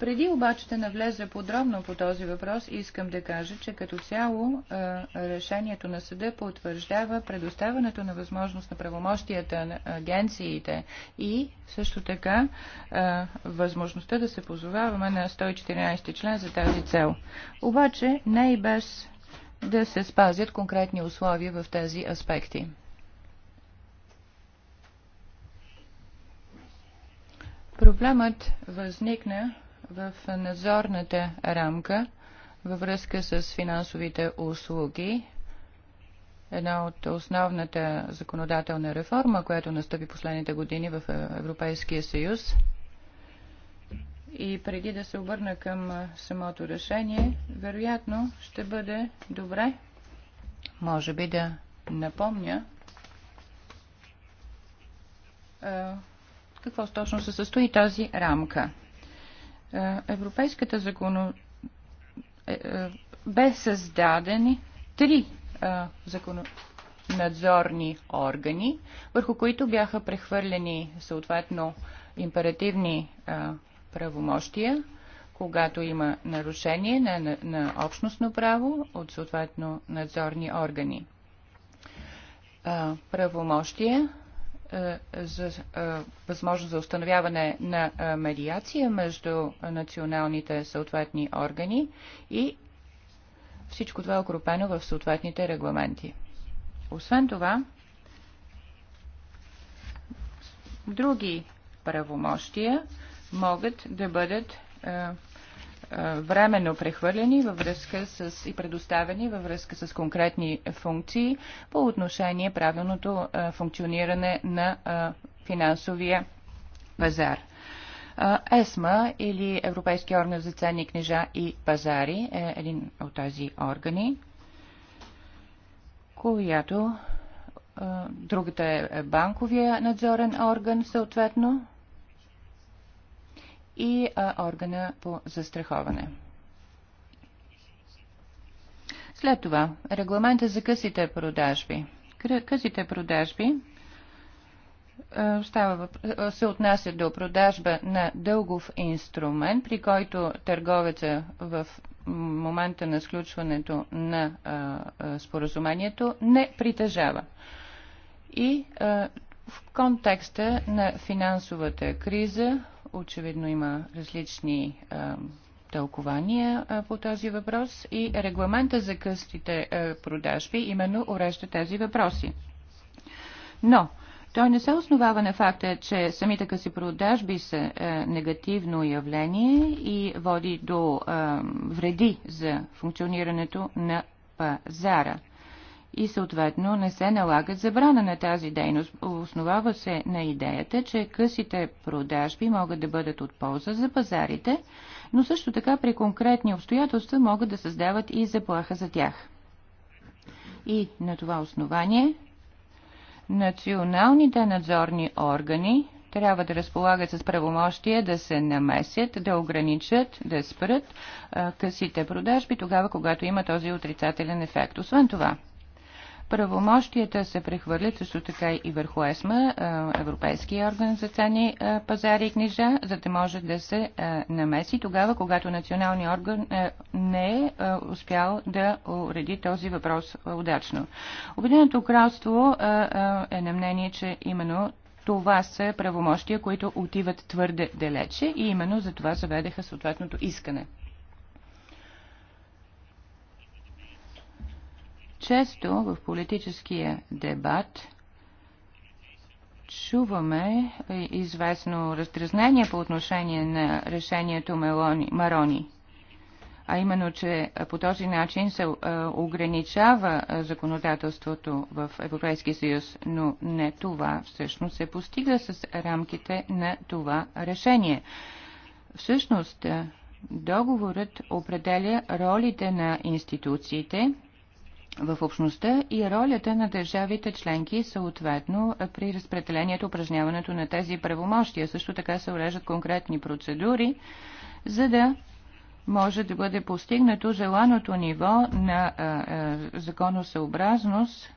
Преди обаче да навлезе подробно по този въпрос, искам да кажа, че като цяло е, решението на съда потвърждава предоставянето на възможност на правомощията на агенциите и също така е, възможността да се позоваваме на 114 член за тази цел. Обаче не и без да се спазят конкретни условия в тези аспекти. Проблемът възникна в надзорната рамка във връзка с финансовите услуги. Една от основната законодателна реформа, която настъпи последните години в Европейския съюз. И преди да се обърна към самото решение, вероятно ще бъде добре, може би да напомня какво точно се състои тази рамка. Е, европейската законо... Е, е, бе създадени три закононадзорни органи, върху които бяха прехвърлени съответно императивни правомощия, когато има нарушение на, на, на общностно право от съответно надзорни органи. правомощия е, за е, възможност за установяване на е, медиация между националните съответни органи и всичко това е окрупено в съответните регламенти. Освен това, други правомощия могат да бъдат временно прехвърлени във връзка с и предоставени във връзка с конкретни функции по отношение правилното функциониране на финансовия пазар. ЕСМА или Европейския орган за ценни книжа и пазари е един от тези органи, която другата е, е банковия надзорен орган съответно и а, органа по застраховане. След това, регламента за късите продажби. Късите продажби става, се отнася до продажба на дългов инструмент, при който търговеца в момента на сключването на а, а, споразумението не притежава. И а, в контекста на финансовата криза Очевидно има различни а, тълкования а, по този въпрос и регламента за къстите а, продажби именно урежда тези въпроси. Но той не се основава на факта, че самите къси продажби са негативно явление и води до вреди за функционирането на пазара и съответно не се налагат забрана на тази дейност. Основава се на идеята, че късите продажби могат да бъдат от полза за пазарите, но също така при конкретни обстоятелства могат да създават и заплаха за тях. И на това основание националните надзорни органи трябва да разполагат с правомощие да се намесят, да ограничат, да спрат а, късите продажби тогава, когато има този отрицателен ефект. Освен това, Правомощията се прехвърлят също така и върху ЕСМА, Европейския орган за ценни пазари и книжа, за да може да се намеси тогава, когато националният орган не е успял да уреди този въпрос удачно. Обединеното кралство е на мнение, че именно това са правомощия, които отиват твърде далече и именно за това заведеха съответното искане. Често в политическия дебат чуваме известно разтрезнение по отношение на решението Марони, а именно, че по този начин се е, ограничава е, законодателството в Европейския съюз, но не това всъщност се постига с рамките на това решение. Всъщност, е, договорът определя ролите на институциите – в общността и ролята на държавите членки съответно при разпределението, упражняването на тези правомощия. Също така се уреждат конкретни процедури, за да може да бъде постигнато желаното ниво на а, а, законосъобразност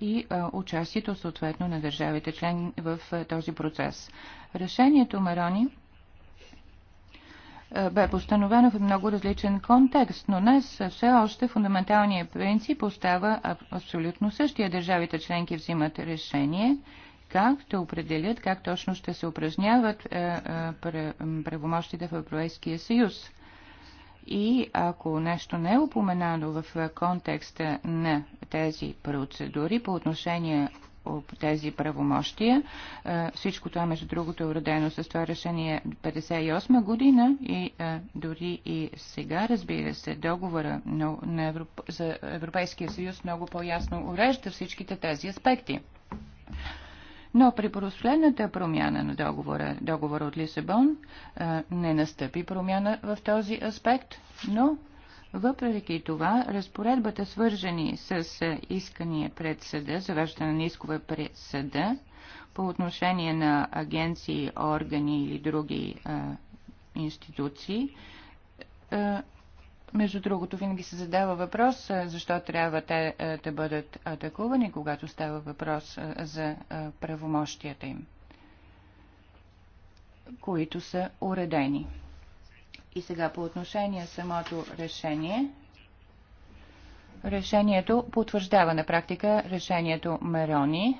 и а, участието съответно на държавите член в а, този процес. Решението Марони е, бе постановено в много различен контекст, но днес все още фундаменталният принцип остава абсолютно същия. Държавите членки взимат решение как да определят как точно ще се упражняват е, е, правомощите в Европейския съюз. И ако нещо не е упоменано в контекста на тези процедури по отношение тези правомощия. Е, всичко това, между другото, е уредено с това решение 58 година и е, дори и сега, разбира се, договора на Европ... за Европейския съюз много по-ясно урежда всичките тези аспекти. Но при последната промяна на договора, договора от Лисабон, е, не настъпи промяна в този аспект, но въпреки това, разпоредбата свържени с е, искания пред съда, завеждане на искове пред съда, по отношение на агенции, органи или други а, е, институции, а, е, между другото, винаги се задава въпрос, защо трябва те да бъдат атакувани, когато става въпрос за правомощията им, които са уредени. И сега по отношение самото решение. Решението потвърждава на практика решението Мерони,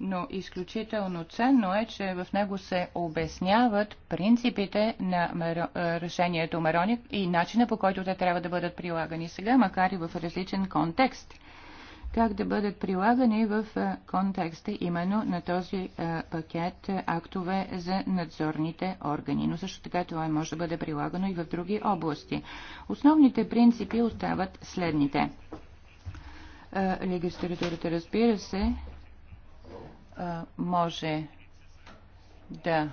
но изключително ценно е, че в него се обясняват принципите на Меро... Е, решението Мерони и начина по който те трябва да бъдат прилагани сега, макар и в различен контекст – как да бъдат прилагани в е, контекста именно на този е, пакет е, актове за надзорните органи. Но също така това може да бъде прилагано и в други области. Основните принципи остават следните. Легистратурата, разбира се, може да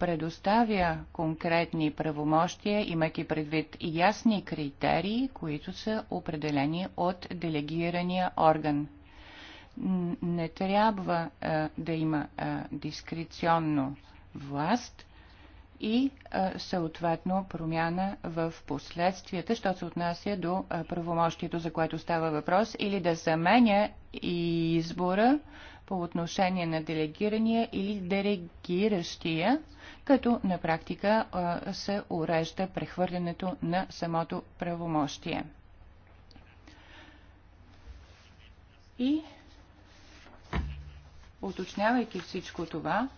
предоставя конкретни правомощия, имайки предвид ясни критерии, които са определени от делегирания орган. Не трябва а, да има а, дискреционно власт и а, съответно промяна в последствията, що се отнася до а, правомощието, за което става въпрос, или да заменя избора а, по отношение на делегирания или дерегиращия, като на практика се урежда прехвърлянето на самото правомощие. И уточнявайки всичко това,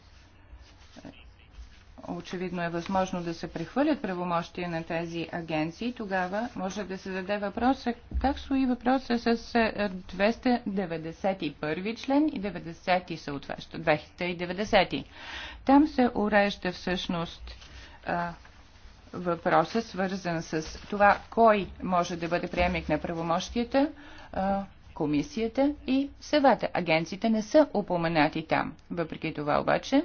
очевидно е възможно да се прехвърлят правомощия на тези агенции, тогава може да се даде въпроса как стои въпроса с 291 е, член и 90 съответно. 290. Там се урежда всъщност въпроса, свързан с това кой може да бъде приемник на правомощията, комисията и съвета. Агенциите не са упоменати там. Въпреки това обаче,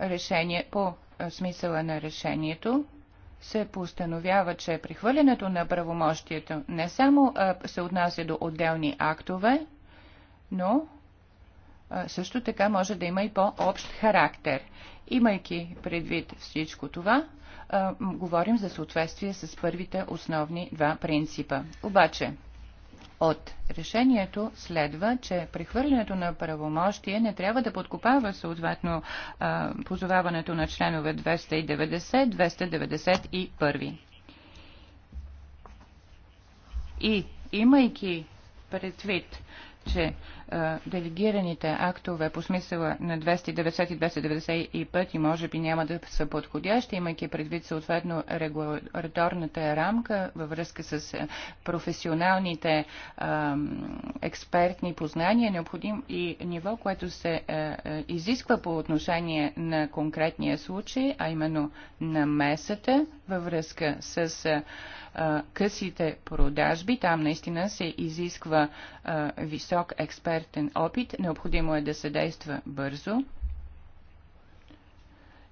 решение, по смисъла на решението се постановява, че прихвърлянето на правомощието не само се отнася до отделни актове, но също така може да има и по-общ характер. Имайки предвид всичко това, говорим за съответствие с първите основни два принципа. Обаче, от решението следва, че прехвърлянето на правомощие не трябва да подкопава съответно позоваването на членове 290-291. И имайки предвид, че е, делегираните актове по смисъла на 290 и 295 и може би няма да са подходящи, имайки предвид съответно регуляторната рамка във връзка с е, професионалните е, експертни познания, необходим и ниво, което се изисква по отношение на конкретния случай, а именно на месата във връзка с късите продажби. Там наистина се изисква висок експерт експертен опит. Необходимо е да се действа бързо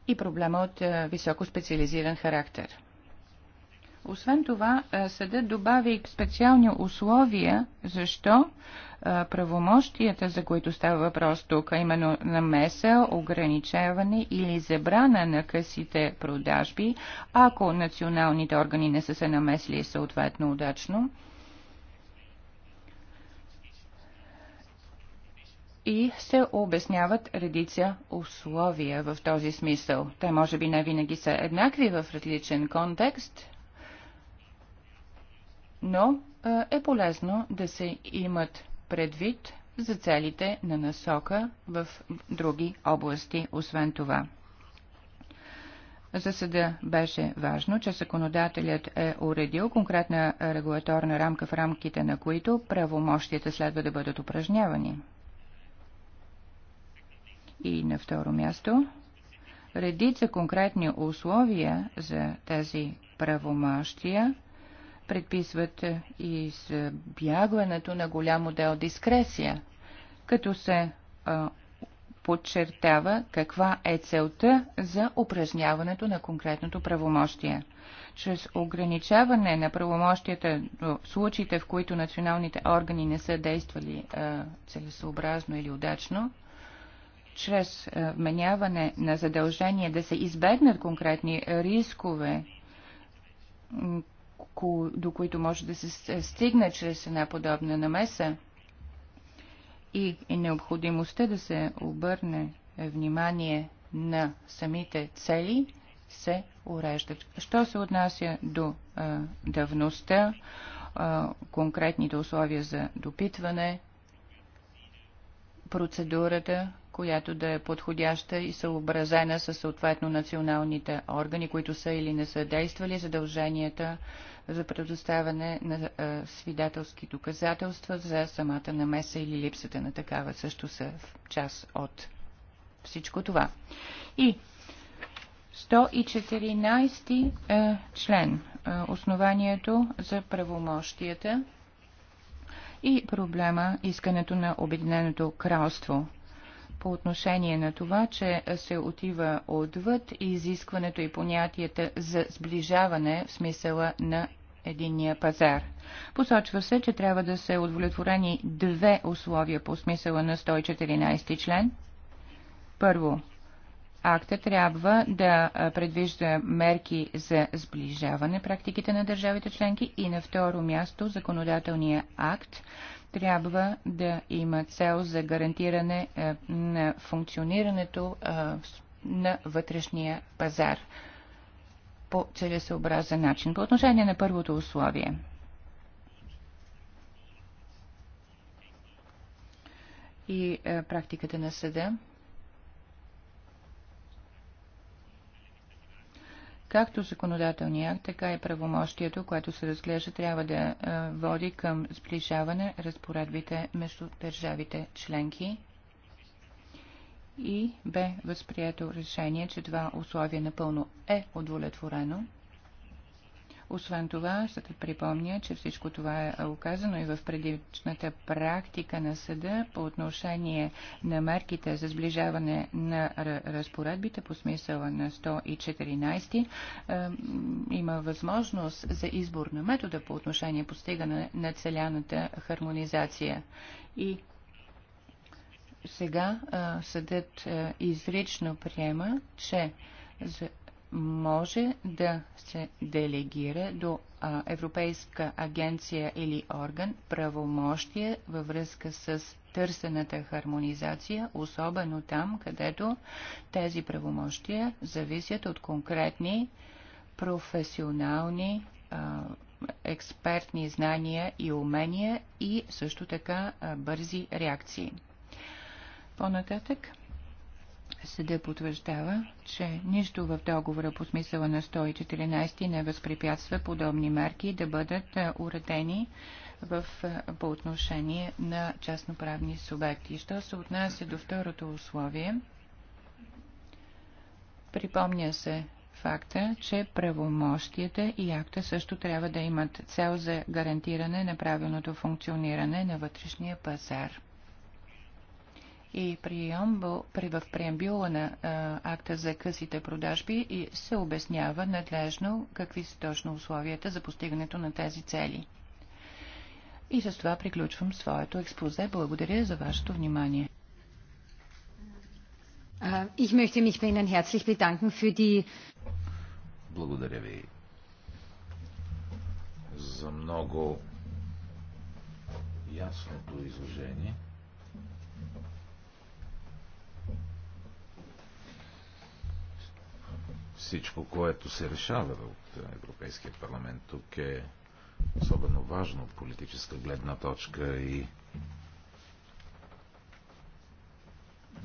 и проблема от е, високо специализиран характер. Освен това, е, съдът добави специални условия, защо е, правомощията, за които става въпрос тук, именно намеса, ограничаване или забрана на късите продажби, ако националните органи не са се намесли съответно удачно, и се обясняват редица условия в този смисъл. Те може би не винаги са еднакви в различен контекст, но е полезно да се имат предвид за целите на насока в други области, освен това. За съда беше важно, че законодателят е уредил конкретна регулаторна рамка в рамките на които правомощията следва да бъдат упражнявани. И на второ място, редица конкретни условия за тези правомащия предписват и избягването на голям отдел дискресия, като се а, подчертава каква е целта за упражняването на конкретното правомощие. Чрез ограничаване на правомощията в случаите, в които националните органи не са действали а, целесообразно или удачно, чрез е, вменяване на задължение да се избегнат конкретни рискове, до които може да се е, стигне чрез една подобна намеса и е необходимостта да се обърне внимание на самите цели се уреждат. Що се отнася до а, давността, а, конкретните условия за допитване, процедурата, която да е подходяща и съобразена със съответно националните органи, които са или не са действали задълженията за предоставяне на свидетелски доказателства за самата намеса или липсата на такава също са в част от всичко това. И 114 е, член е, основанието за правомощията и проблема искането на Обединеното кралство – по отношение на това, че се отива отвъд изискването и понятията за сближаване в смисъла на единния пазар. Посочва се, че трябва да се удовлетворени две условия по смисъла на 114 член. Първо, акта трябва да предвижда мерки за сближаване практиките на държавите членки и на второ място законодателния акт трябва да има цел за гарантиране е, на функционирането е, на вътрешния пазар по целесообразен начин. По отношение на първото условие. И е, практиката на съда. Както законодателния акт, така и правомощието, което се разглежда, трябва да е, води към сближаване разпоредбите между държавите членки и бе възприето решение, че това условие напълно е удовлетворено освен това, ще те припомня, че всичко това е оказано и в предишната практика на съда по отношение на мерките за сближаване на разпоредбите по смисъла на 114. Е, има възможност за избор на метода по отношение постигане на целяната хармонизация. И сега съдът изрично приема, че за може да се делегира до Европейска агенция или орган правомощие във връзка с търсената хармонизация, особено там, където тези правомощия зависят от конкретни професионални а, експертни знания и умения и също така а, бързи реакции. По-нататък Съда потвърждава, че нищо в договора по смисъла на 114 не възпрепятства подобни мерки да бъдат уредени в, по отношение на частноправни субекти. Що се отнася до второто условие, припомня се факта, че правомощията и акта също трябва да имат цел за гарантиране на правилното функциониране на вътрешния пазар и преамбул, при, в преамбюла на а, акта за късите продажби и се обяснява надлежно какви са точно условията за постигането на тези цели. И с това приключвам своето експозе. Благодаря за вашето внимание. Ich möchte mich bei Ihnen herzlich bedanken für die... Благодаря ви за много ясното изложение. Всичко, което се решава от Европейския парламент тук е особено важно от политическа гледна точка и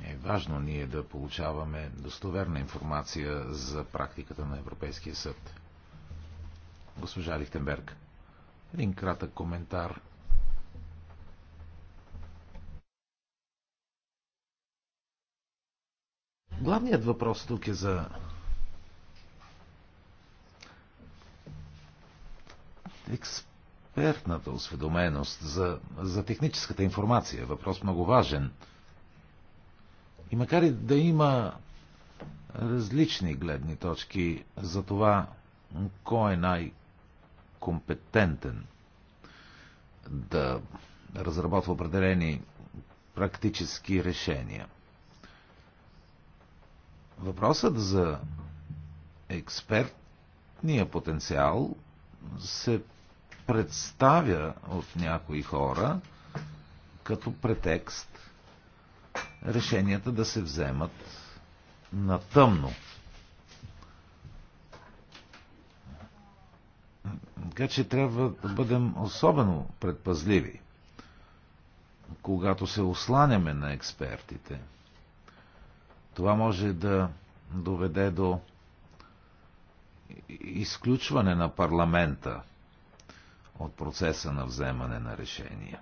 е важно ние да получаваме достоверна информация за практиката на Европейския съд. Госпожа Лихтенберг, един кратък коментар. Главният въпрос тук е за експертната осведоменост, за, за техническата информация. Въпрос много важен. И макар и да има различни гледни точки за това, кой е най-компетентен да разработва определени практически решения. Въпросът за експертния потенциал се представя от някои хора като претекст решенията да се вземат на тъмно. Така че трябва да бъдем особено предпазливи, когато се осланяме на експертите. Това може да доведе до изключване на парламента от процеса на вземане на решения.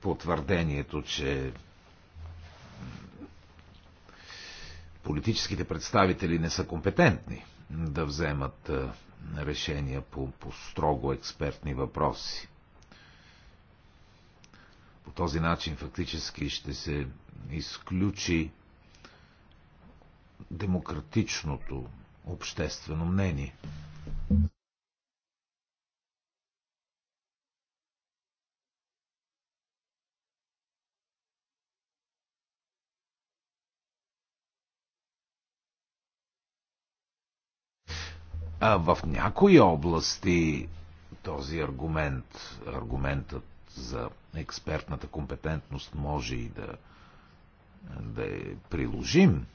Потвърдението, че политическите представители не са компетентни да вземат е, решения по, по строго експертни въпроси. По този начин фактически ще се изключи демократичното обществено мнение. В някои области този аргумент, аргументът за експертната компетентност може и да, да е приложим.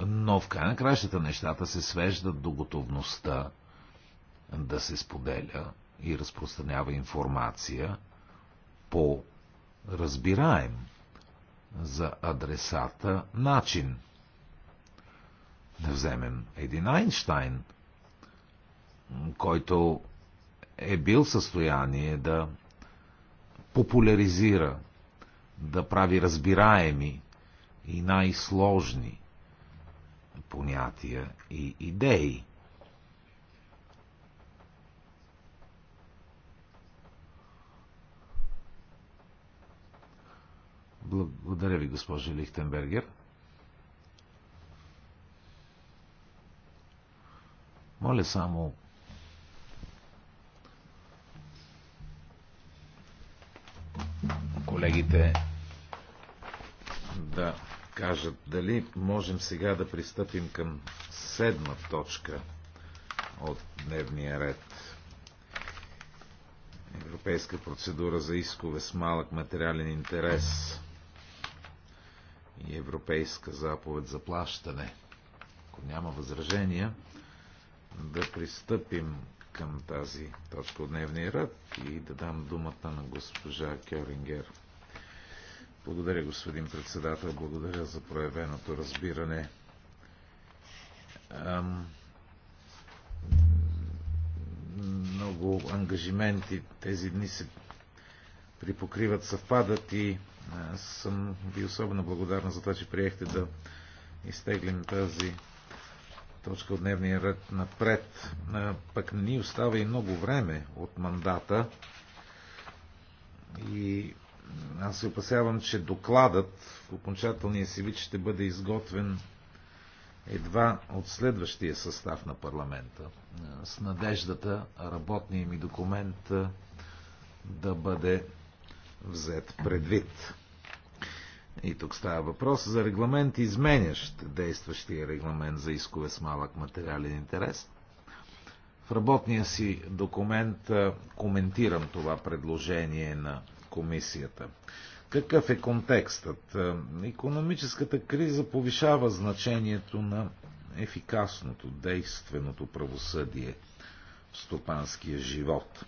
Но в край на кращата нещата се свеждат до готовността да се споделя и разпространява информация по разбираем за адресата начин. Да вземем един Айнштайн, който е бил в състояние да популяризира, да прави разбираеми и най-сложни понятия и идеи. Благодаря ви, госпожа Лихтенбергер. Моля само колегите да кажат дали можем сега да пристъпим към седма точка от дневния ред. Европейска процедура за искове с малък материален интерес и Европейска заповед за плащане. Ако няма възражения, да пристъпим към тази точка от дневния ред и да дам думата на госпожа Кьорингер. Благодаря, господин председател. Благодаря за проявеното разбиране. Ам... Много ангажименти тези дни се припокриват, съвпадат и аз съм ви особено благодарна за това, че приехте да изтеглим тази точка от дневния ред напред. Пък не ни остава и много време от мандата. И аз се опасявам, че докладът в окончателния си вид ще бъде изготвен едва от следващия състав на парламента. С надеждата работният ми документ да бъде взет предвид. И тук става въпрос за регламент, изменящ действащия регламент за искове с малък материален интерес. В работния си документ коментирам това предложение на комисията. Какъв е контекстът? Економическата криза повишава значението на ефикасното, действеното правосъдие в стопанския живот.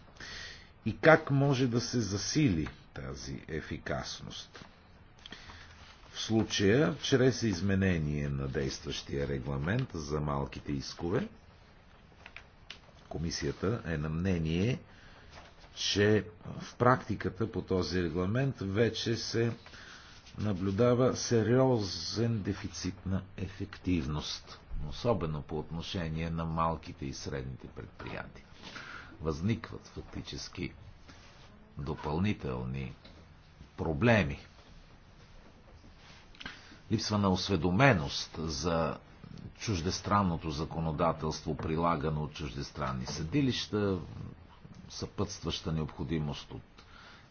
И как може да се засили тази ефикасност. В случая, чрез изменение на действащия регламент за малките искове, комисията е на мнение, че в практиката по този регламент вече се наблюдава сериозен дефицит на ефективност, особено по отношение на малките и средните предприятия. Възникват фактически допълнителни проблеми. Липсва на осведоменост за чуждестранното законодателство, прилагано от чуждестранни съдилища, съпътстваща необходимост от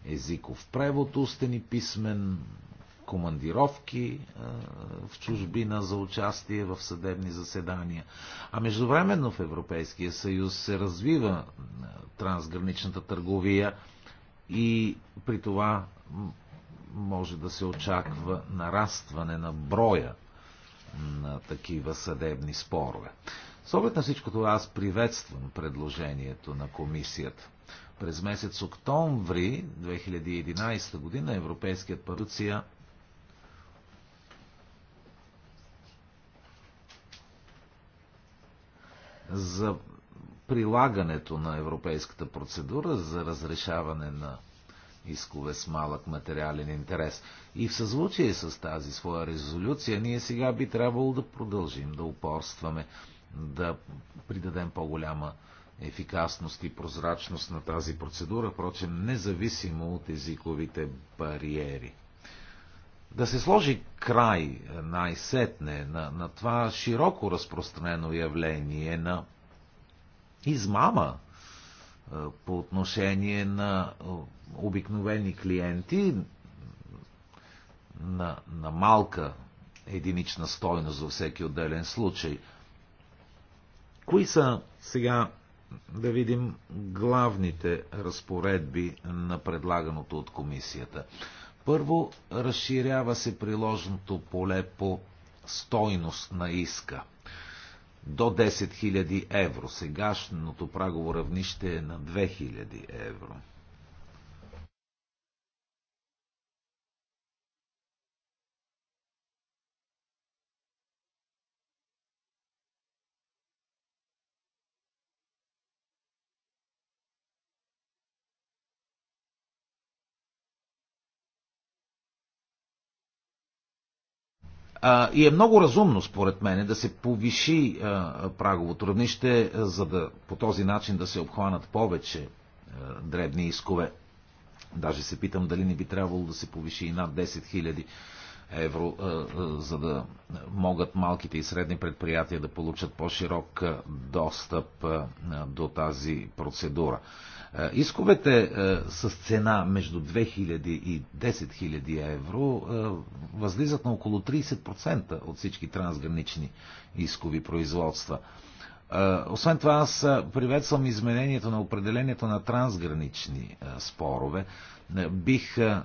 езиков превод, устен и писмен, командировки е, в чужбина за участие в съдебни заседания. А междувременно в Европейския съюз се развива е, трансграничната търговия – и при това може да се очаква нарастване на броя на такива съдебни спорове. С оглед на всичко това аз приветствам предложението на комисията. През месец октомври 2011 година Европейският паруция за прилагането на европейската процедура за разрешаване на искове с малък материален интерес. И в съзвучие с тази своя резолюция ние сега би трябвало да продължим да упорстваме, да придадем по-голяма ефикасност и прозрачност на тази процедура, впрочем, независимо от езиковите бариери. Да се сложи край най-сетне на, на това широко разпространено явление на измама е, по отношение на е, обикновени клиенти на, на малка единична стойност за всеки отделен случай. Кои са сега да видим главните разпоредби на предлаганото от комисията? Първо, разширява се приложното поле по стойност на иска – до 10 000 евро. Сегашното прагово равнище е на 2000 евро. И е много разумно, според мен, да се повиши праговото равнище, за да по този начин да се обхванат повече дребни искове. Даже се питам дали не би трябвало да се повиши и над 10 000 евро, е, е, за да могат малките и средни предприятия да получат по-широк е, достъп до тази процедура. Исковете с цена между 2000 и 10 000 евро възлизат на около 30% от всички трансгранични искови производства. Освен това, аз приветствам изменението на определението на трансгранични спорове, Бих е,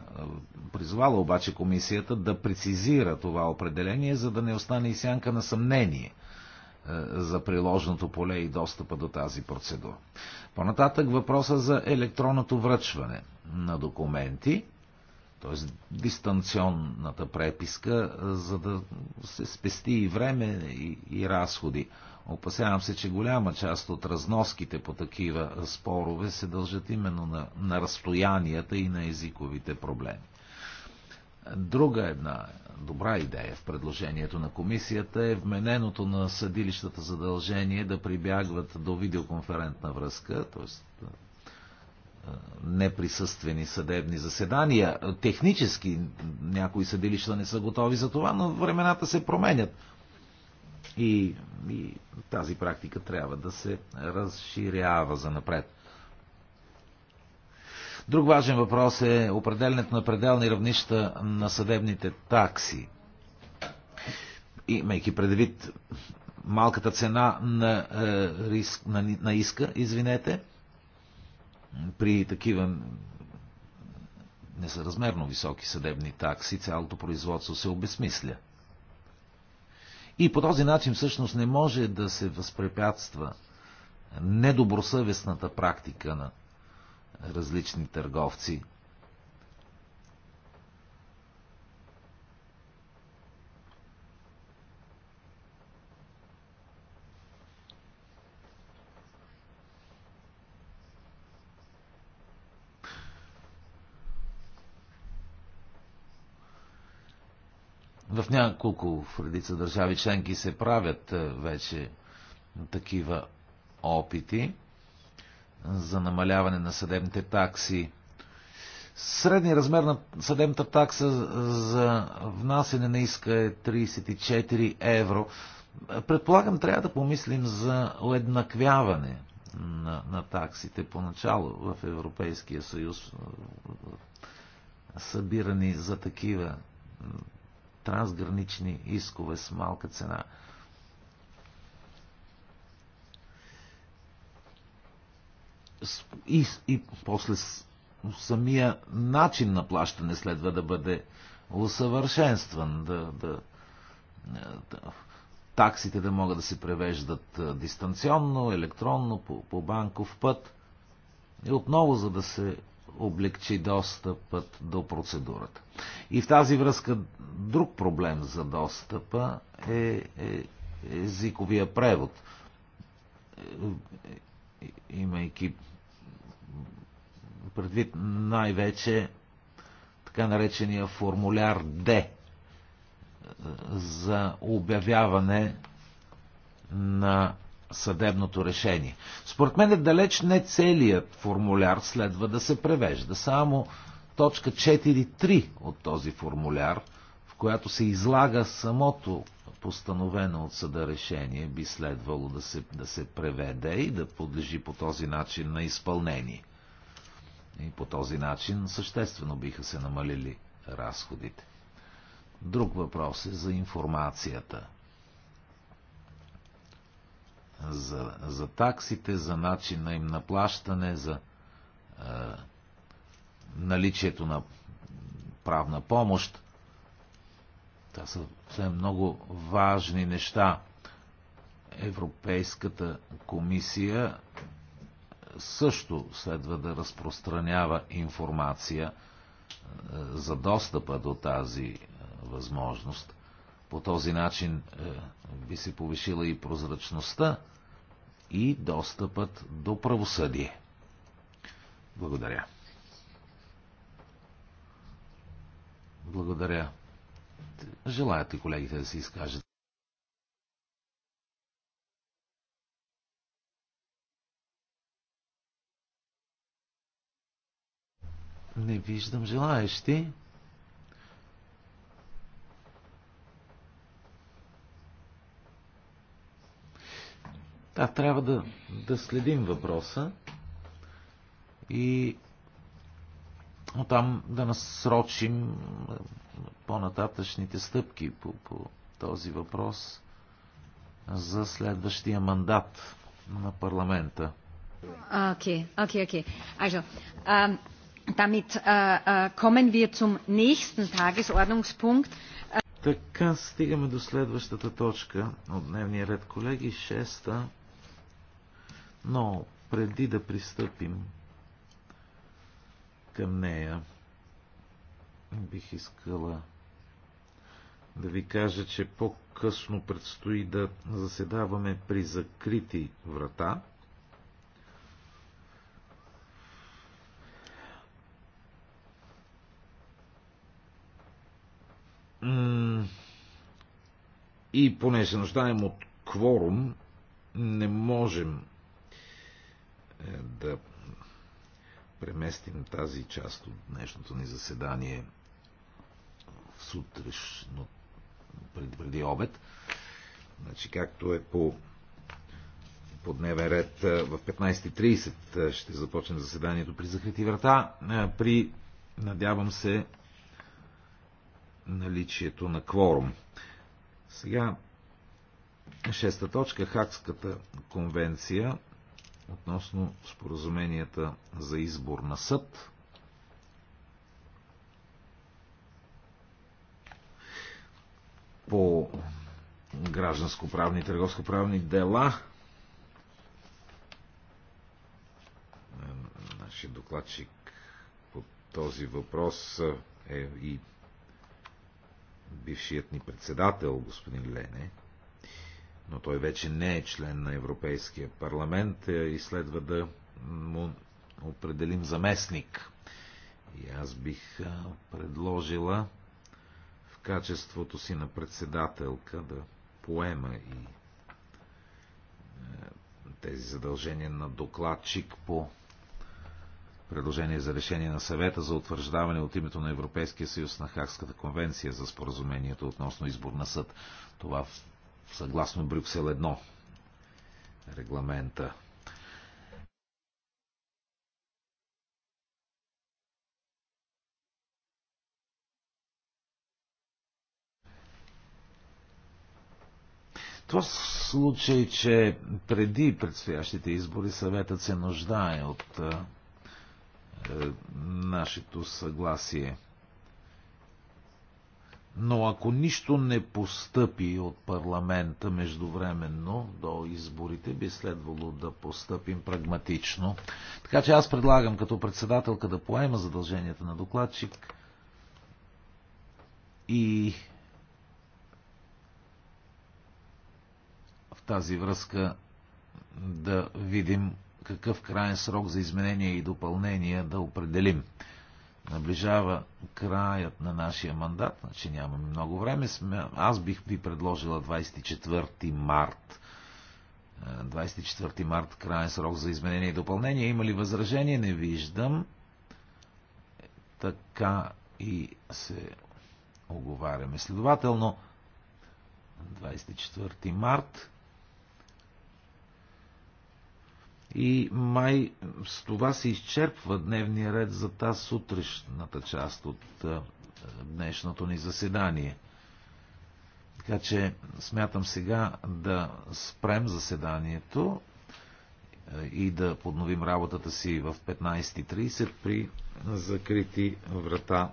призвала обаче комисията да прецизира това определение, за да не остане и сянка на съмнение е, за приложното поле и достъпа до тази процедура. Понататък въпроса за електронното връчване на документи, т.е. дистанционната преписка, е, за да се спести и време и, и разходи. Опасявам се, че голяма част от разноските по такива спорове се дължат именно на, на разстоянията и на езиковите проблеми. Друга една добра идея в предложението на комисията е вмененото на съдилищата задължение да прибягват до видеоконферентна връзка, т.е. неприсъствени съдебни заседания. Технически някои съдилища не са готови за това, но времената се променят. И, и тази практика трябва да се разширява за напред. Друг важен въпрос е определенето на пределни равнища на съдебните такси. Имайки предвид малката цена на, е, риск, на, на иска, извинете, при такива несъразмерно високи съдебни такси, цялото производство се обесмисля. И по този начин всъщност не може да се възпрепятства недобросъвестната практика на различни търговци В няколко, в редица държави членки се правят е, вече такива опити за намаляване на съдебните такси. Средният размер на съдебната такса за внасене на иска е 34 евро. Предполагам, трябва да помислим за уеднаквяване на, на таксите поначало в Европейския съюз, е, събирани за такива трансгранични искове с малка цена. И, и после самия начин на плащане следва да бъде усъвършенстван, да, да, е, да таксите да могат да се превеждат е, дистанционно, електронно, по, по банков път. И отново, за да се облегчи достъпът до процедурата. И в тази връзка друг проблем за достъпа е, е езиковия превод. Е, е, имайки предвид най-вече така наречения формуляр Д е, за обявяване на съдебното решение. Според мен е далеч не целият формуляр следва да се превежда. Само точка 4.3 от този формуляр, в която се излага самото постановено от съда решение, би следвало да се, да се преведе и да подлежи по този начин на изпълнение. И по този начин съществено биха се намалили разходите. Друг въпрос е за информацията – за, за таксите, за начина им на плащане, за е, наличието на правна помощ. Това са все много важни неща. Европейската комисия също следва да разпространява информация е, за достъпа до тази е, възможност. По този начин е, би се повишила и прозрачността и достъпът до правосъдие. Благодаря. Благодаря. Желаят ли колегите да се изкажат? Не виждам желаещи. Да, трябва да, да следим въпроса и там да насрочим по-нататъчните стъпки по, по този въпрос за следващия мандат на парламента. Окей, окей, окей. damit äh, kommen wir zum nächsten Tagesordnungspunkt. Така стигаме до следващата точка от дневния ред, колеги. Шеста но преди да пристъпим към нея, бих искала да ви кажа, че по-късно предстои да заседаваме при закрити врата. И понеже нуждаем от кворум, не можем е, да преместим тази част от днешното ни заседание в сутрешно пред, преди обед. Значи, както е по, по дневен ред, е, в 15.30 е, ще започнем заседанието при закрити врата. При, надявам се, наличието на кворум. Сега, шеста точка, Хакската конвенция относно споразуменията за избор на съд. По гражданско-правни и търговско-правни дела. Нашия докладчик по този въпрос е и бившият ни председател, господин Лене но той вече не е член на Европейския парламент е, и следва да му определим заместник. И аз бих предложила в качеството си на председателка да поема и е, тези задължения на докладчик по предложение за решение на съвета за утвърждаване от името на Европейския съюз на Хагската конвенция за споразумението относно избор на съд. Това съгласно Брюксел 1 регламента. това случай, че преди предстоящите избори съветът се нуждае от е, е нашето съгласие. Но ако нищо не постъпи от парламента междувременно до изборите, би следвало да постъпим прагматично. Така че аз предлагам като председателка да поема задълженията на докладчик и в тази връзка да видим какъв крайен срок за изменения и допълнения да определим наближава краят на нашия мандат, значи нямаме много време. Аз бих ви предложила 24 март. 24 е, март крайен срок за изменение и допълнение. Има ли възражение? Не виждам. Така и се оговаряме. Следователно, 24 март И май с това се изчерпва дневния ред за тази сутрешната част от е, днешното ни заседание. Така че смятам сега да спрем заседанието е, и да подновим работата си в 15.30 при закрити врата.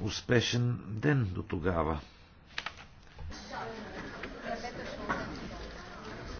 Успешен ден до тогава!